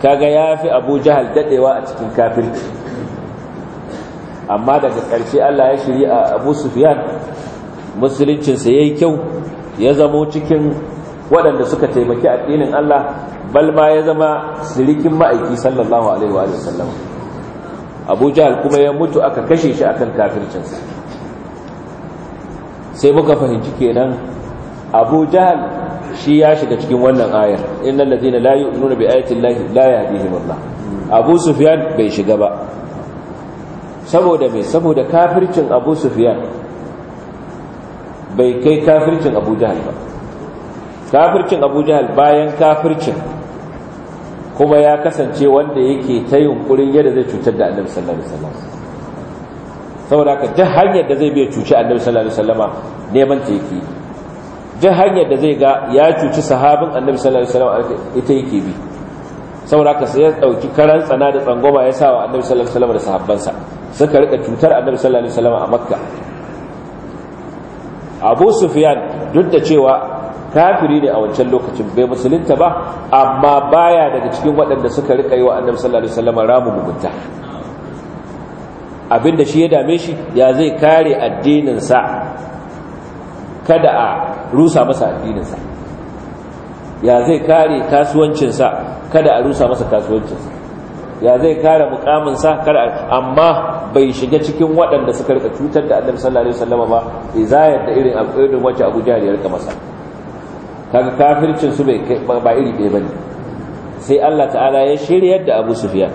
kaga ya fi abu jahal dadewa a cikin kafirci amma daga ƙarshe allah ya shiri a abu sufiyan musuluncinsa ya yi kyau ya zamo cikin waɗanda suka taimaki addinin allah bal ma ya zama sirikin ma'aiki sallallahu alaihi wa sallam abu jahal kuma ya mutu aka kashe shi akan kafircinsa sai muka fahimci kenan abu jahal shi ya shiga cikin wannan ayar innal ladina la yu'minuna bi ayati llahi la yahdihim Allah abu sufyan bai shiga ba saboda me saboda kafircin abu sufyan bai kai kafircin abu jahal ba kafircin abu jahal bayan kafircin kuma ya kasance wanda yake ta yunkurin yadda zai cutar da annabi sallallahu alaihi wasallam saboda ka duk hanyar da zai biya cuci annabi sallallahu alaihi wasallama neman ta yake duk hanyar da zai ga ya cuci sahabin annabi sallallahu alaihi wasallam ita yake bi saboda ka sai ya dauki karan tsana da tsangoma ya sa wa annabi sallallahu alaihi wasallama da sahabbansa suka rika cutar annabi sallallahu alaihi wasallama a makka abu sufyan duk da cewa kafiri ne a wancan lokacin bai musulunta ba amma baya daga cikin waɗanda suka riƙa yi wa annabi sallallahu alaihi wasallam ramu mugunta abinda shi ya dame shi ya zai kare addininsa kada a rusa masa addininsa ya zai kare kasuwancinsa kada a rusa masa kasuwancinsa ya zai kare sa kada amma bai shiga cikin waɗanda suka rika cutar da annabi sallallahu alaihi wasallam ba izayar da irin alƙairin wacce Abu Jahl ya rika masa kaga kafircin su bai ba iri ɗaya bane sai Allah ta'ala ya shiryar da Abu Sufyan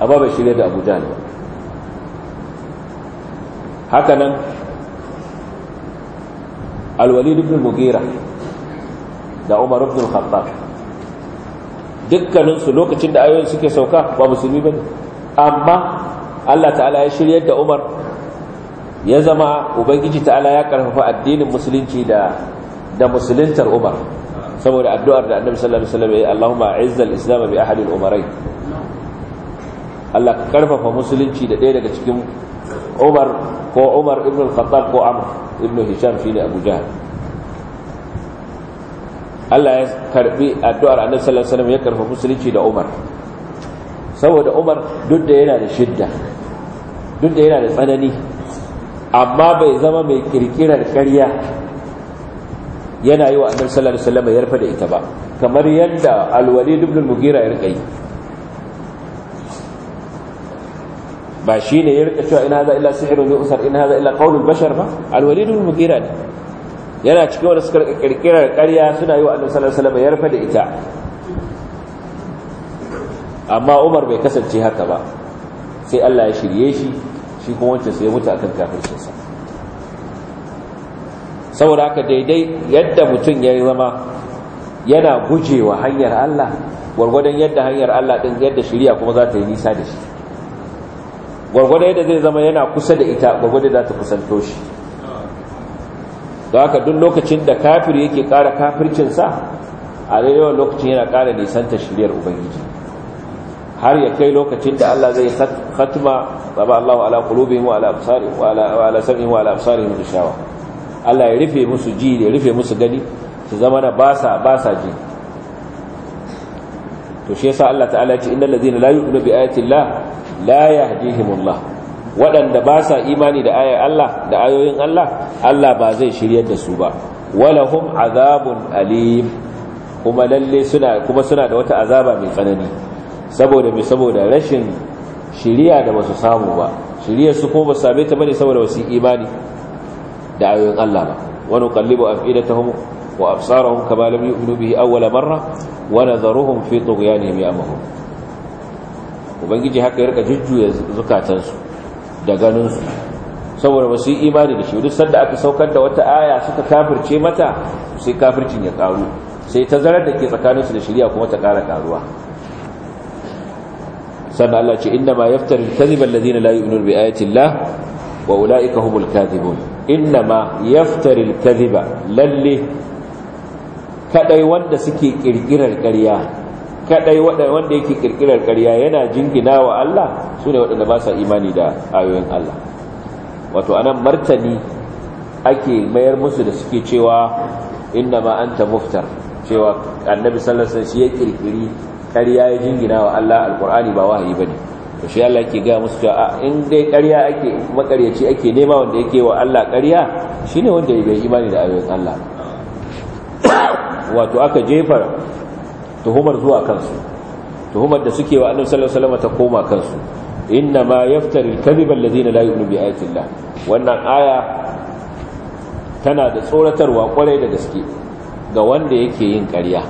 amma bai shiryar da Abu Jahl ba haka nan Al-Walid ibn Mughira da Umar ibn Khattab dukkaninsu lokacin da ayoyin suke sauka ba musulmi bane amma Allah ta'ala ya shiryar da Umar ya zama ubangiji ta'ala ya karfafa addinin musulunci da da musulintar umar saboda addu'ar da annabi sallallahu alaihi wasallam ya yi Allahumma a'izz al-islam bi ahad al Allah ka karfafa musulunci da ɗaya daga cikin Umar ko Umar ibn al-Khattab ko Amr ibn Hisham shine Abu Jahl Allah ya karbi addu'ar annabi sallallahu alaihi wasallam ya karfafa musulunci da Umar saboda Umar duk da yana da shidda duk da yana da tsanani amma bai zama mai kirkirar ƙarya yana yi wa annabi sallallahu alaihi wasallam yarfa da ita ba kamar yadda al-walid ibn al-mughira ya rika yi ba shine ya rika cewa ina za illa sihrun yusar ina za illa qaulul bashar ba al-walid ibn al-mughira yana cikin wanda suka kirkirar ƙarya suna yi wa annabi sallallahu alaihi wasallam yarfa da ita amma Umar bai kasance haka ba sai Allah ya shirye shi shi kuma wancan sai ya mutu akan kafircinsa saboda haka daidai yadda mutum ya zama yana guje wa hanyar Allah gwargwadon yadda hanyar Allah din yadda shirya kuma za ta yi nisa da shi gwargwadon yadda zai zama yana kusa da ita gwargwadon za ta kusanto shi don haka duk lokacin da kafir yake ƙara kafircinsa a daidaiwa lokacin yana ƙara nisanta shiryar ubangiji har ya kai lokacin da Allah zai khatma Allah Allahu ala kulubi mu ala sami wa ala sam'ihim mu ala absarihim shawa. Allah ya rufe musu ji ya rufe musu gani su zama na basa basa ji to shi yasa Allah ta'ala ya ce innal ladina la yu'minu bi ayati Allah la yahdihimullah waɗanda ba sa imani da ayar Allah da ayoyin Allah Allah ba zai shiryar da su ba walahum azabun alim kuma lalle suna kuma suna da wata azaba mai tsanani saboda mai saboda rashin shiriya da basu samu ba shiriyar su kuma ba same ta bane saboda wasu imani da ayoyin Allah ba wa nuqallibu afidatahum wa absarahum kama lam yu'minu bihi awwal marra wa nadharuhum fi a ya'mahun ubangiji haka ya rika jujjuya zukatansu da ganinsu saboda ba su yi imani da shi duk sanda aka saukar da wata aya suka kafirce mata sai kafircin ya karu sai ta zarar da ke tsakaninsu da shiriya kuma ta kara karuwa sannan Allah ce inda ma yaftar kadhiba alladhina la yu'minuna bi ayati llah wa ulaika humul kadhibun innama yaftaril kadhiba lalle kadai wanda suke kirkirar ƙarya kadai wanda yake kirkirar ƙarya yana jingina wa Allah su ne waɗanda ba sa imani da ayoyin Allah wato anan martani ake mayar musu da suke cewa innama anta muftar cewa annabi sallallahu alaihi wasallam shi ya kirkiri ƙarya ya jingina wa Allah alqur'ani ba wahayi bane to shi Allah yake ga musu cewa in dai ƙarya ake makaryaci ake nema wanda yake wa Allah ƙarya shine wanda ya bai imani da ayoyin Allah wato aka jefa tuhumar zuwa kansu tuhumar da suke wa Annabi sallallahu alaihi wasallam ta koma kansu inna ma yaftari al-kadhiba alladhina la yu'minu bi ayati Allah wannan aya tana da tsoratarwa kwarai da gaske ga wanda yake yin ƙarya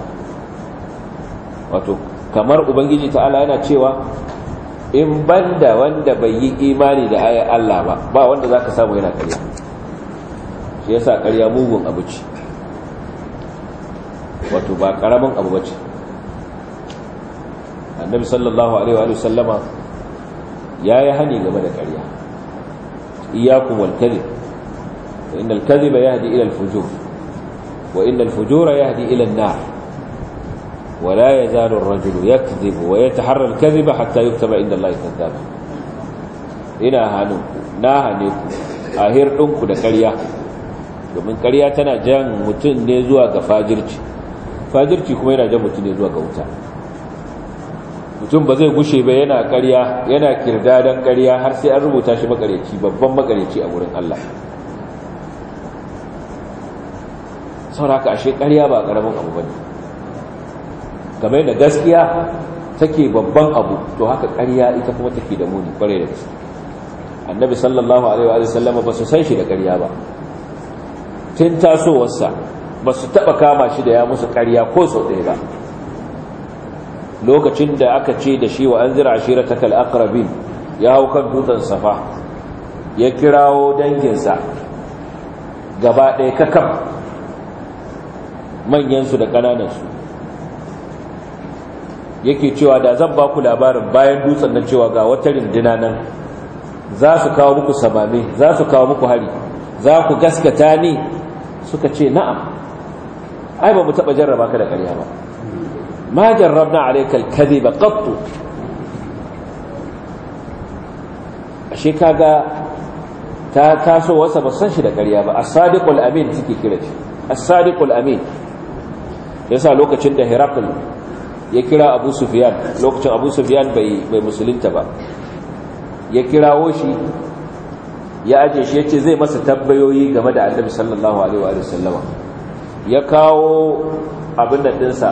wato kamar ubangiji ta'ala yana cewa in banda wanda bai yi imani da ayar Allah ba ba wanda za ka samu yana karya shi yasa karya mugun abu ce wato ba ƙaramin abu ba ce annabi sallallahu alaihi wa sallama ya yi hani game da karya iyakun walkali inda alkali ba ya haɗi ilal fujo, wa inda alfujura ya haɗi ilal nar ولا يزال الرجل يكذب ويتحرى الكذب حتى يكتب عند الله كذابا ina hannun na hane ku a hirɗinku da karya, domin ƙarya tana jan mutum ne zuwa ga fajirci fajirci kuma yana jan mutum ne zuwa ga wuta mutum ba zai gushe ba yana ƙarya yana kirdadan ƙarya har sai an rubuta shi makareci babban makareci a wurin Allah sauraka ashe karya ba ƙaramin abu bane kamar da gaskiya take babban abu to haka ƙarya ita kuma take da muni kwarai da gaske annabi sallallahu alaihi wa sallama ba su san shi da ƙarya ba tun tasowarsa ba su taɓa kama shi da ya musu ƙarya ko sau ɗaya ba lokacin da aka ce da shi wa an zira ashira ta kal'akrabin ya hau kan dutsen safa ya kirawo danginsa gaba ɗaya kakam manyansu da ƙananansu yake cewa da zan ba ku labarin bayan dutsen nan cewa ga wata rindina nan za su kawo muku samame za su kawo muku hari za ku gaskata ni suka ce na'am ai ba mu taɓa jarraba ka da ƙarya ba ma jarrabna alaikal kadhiba qattu ashe kaga ta taso wasa ba san shi da ƙarya ba as-sadiqul amin suke kira shi as-sadiqul amin yasa lokacin da Herakl ya kira abu sufiyan lokacin abu sufiyan bai musulunta ba ya kirawo shi ya ajiye shi ya ce zai masa tabbayoyi game da annabi sallallahu alaihi wa sallama ya kawo abin da ɗinsa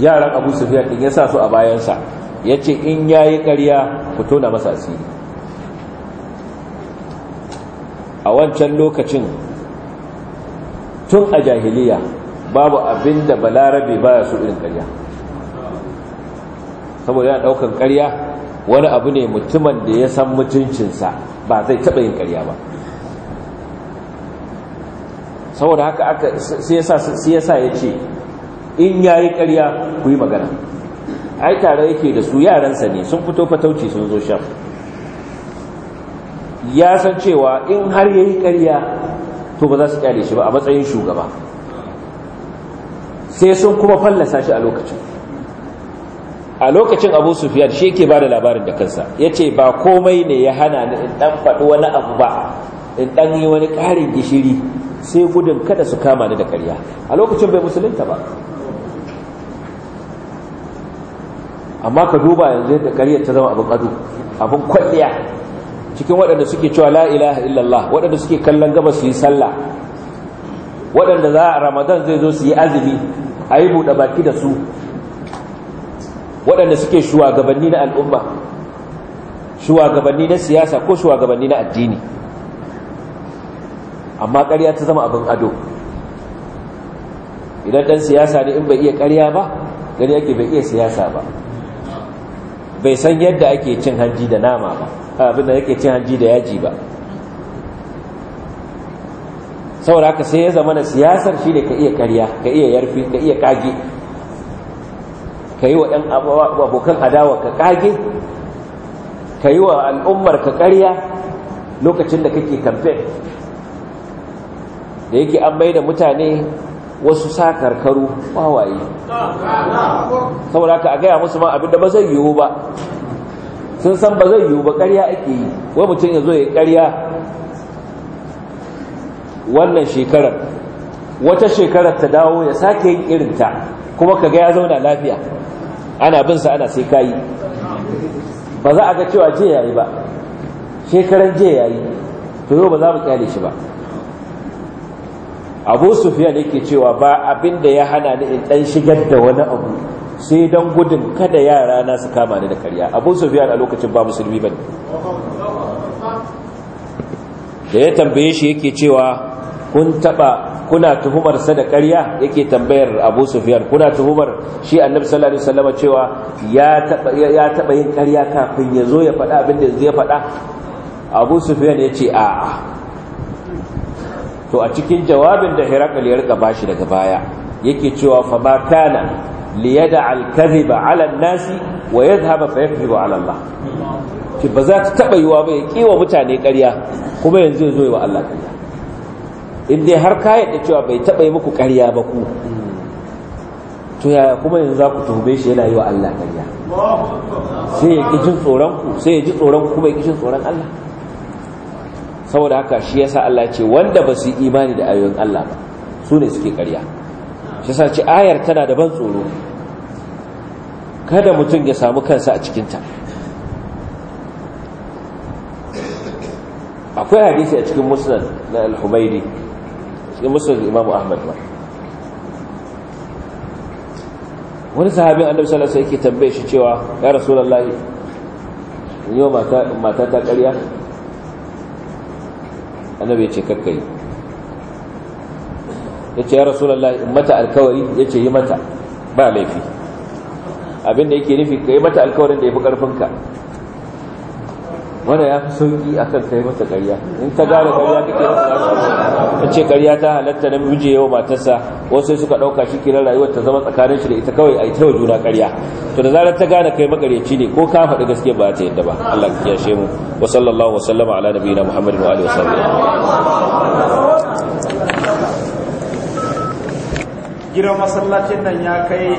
yaran abu sufiyan din ya sa su a bayansa ya ce in ya yi ƙarya ku tona masa asiri a wancan lokacin tun a jahiliya babu abin da balarabe ya so irin karya saboda yana ɗaukan karya wani abu ne mutumin da ya san mutuncinsa ba zai taɓa yin karya ba saboda haka aka sai ya sa ya ce in ya yi ƙarya ku yi magana ai tare yake da su yaransa ne sun fito fatauci sun zo sha ya san cewa in har ya yi ƙarya to ba za su kyale shi ba a matsayin shugaba sai sun kuma fallasa shi a lokacin a lokacin abu sufiyar shi yake ba da labarin da kansa ya ce ba komai ne ya hana ni in ɗan faɗi wani abu ba in ɗan yi wani ƙarin gishiri sai gudun kada su kama ni da ƙarya a lokacin bai musulunta ba amma ka duba yanzu yadda ƙaryar ta zama abin ado abin kwalliya cikin waɗanda suke cewa la ilaha illallah waɗanda suke kallon gaba su yi sallah waɗanda za a ramadan zai zo su yi azumi a yi buɗe baki da su waɗanda suke shugabanni na al'umma shugabanni na siyasa ko shugabanni na addini amma ƙarya ta zama abin ado idan ɗan siyasa ne in bai iya ƙarya ba gari yake bai iya siyasa ba bai san yadda ake cin hanji da nama ba abin da yake cin hanji da yaji ba saboda haka sai ya zama na siyasar shi ne ka iya karya ka iya yarfi ka iya kage ka yi wa ɗan abokan adawa ka kage ka yi wa al'ummar ka karya lokacin da kake kamfen da yake an mai da mutane wasu sa karkaru wawaye saboda haka a gaya musu ma abin da ba zai yiwu ba sun san ba zai yiwu ba karya ake yi wai mutum ya zo ya karya wannan shekarar wata shekarar ta dawo ya sake yin ta, kuma kaga ya zauna lafiya ana bin sa ana sai kayi ba za a ga cewa je yayi ba shekaran je yayi to yau ba za mu kyale shi ba abu sufiyan ke cewa ba abin da ya hana ni in ɗan shigar da wani abu sai don gudun kada yara na su kama ni da karya abu sufiyan a lokacin ba musulmi ba da ya tambaye shi yake cewa kun taba kuna tuhumar sa da ƙarya yake tambayar Abu Sufyan kuna tuhumar shi Annabi sallallahu alaihi wasallam cewa ya taba ya taba yin ƙarya kafin ya zo ya faɗa abin da zai faɗa Abu Sufyan yace a'a to a cikin jawabin da Herakl ya rika bashi daga baya yake cewa fa ba kana yada al-kadhiba ala an-nasi wa yadhhab fa yakdhibu ala Allah ki ba za ta taba yiwa ba ya kiwa mutane ƙarya kuma yanzu ya zo yi wa Allah ƙarya in dai har ka yadda cewa bai taɓa yi muku ƙarya ba ku to yaya kuma yanzu za ku tuhume shi yana yi wa Allah ƙarya sai ya ƙi jin tsoron ku sai ya ji tsoron ku kuma ya ƙi jin tsoron Allah saboda haka shi ya sa Allah ce wanda ba su imani da ayoyin Allah ba su ne suke ƙarya shi sa ce ayar tana da ban tsoro kada mutum ya samu kansa a cikinta akwai hadisi a cikin musulun na al-humaidi cikin musulun imamu ahmad ba wani sahabin annabi sallallahu alaihi yake tambaye shi cewa ya rasulullahi in yi mata mata ta ƙarya annabi ya ce kakkai ya ce ya rasulullahi in mata alkawari ya ce yi mata ba laifi abinda yake nufi ka yi mata alkawarin da ya fi ƙarfinka wanda ya fi sauƙi akan kai mata ƙarya in ta gane ƙarya kake mata ta ce ƙarya ta halatta miji yawa matarsa wasu suka ɗauka shi kiran rayuwar ta zama tsakanin shi da ita kawai a ita wa juna ƙarya to da zarar ta gane kai makaryaci ne ko ka faɗi gaske ba ta yadda ba Allah ya kiyashe mu wa sallallahu wa sallama ala nabiyina muhammadin wa alihi wa sallam. gidan masallacin nan ya kai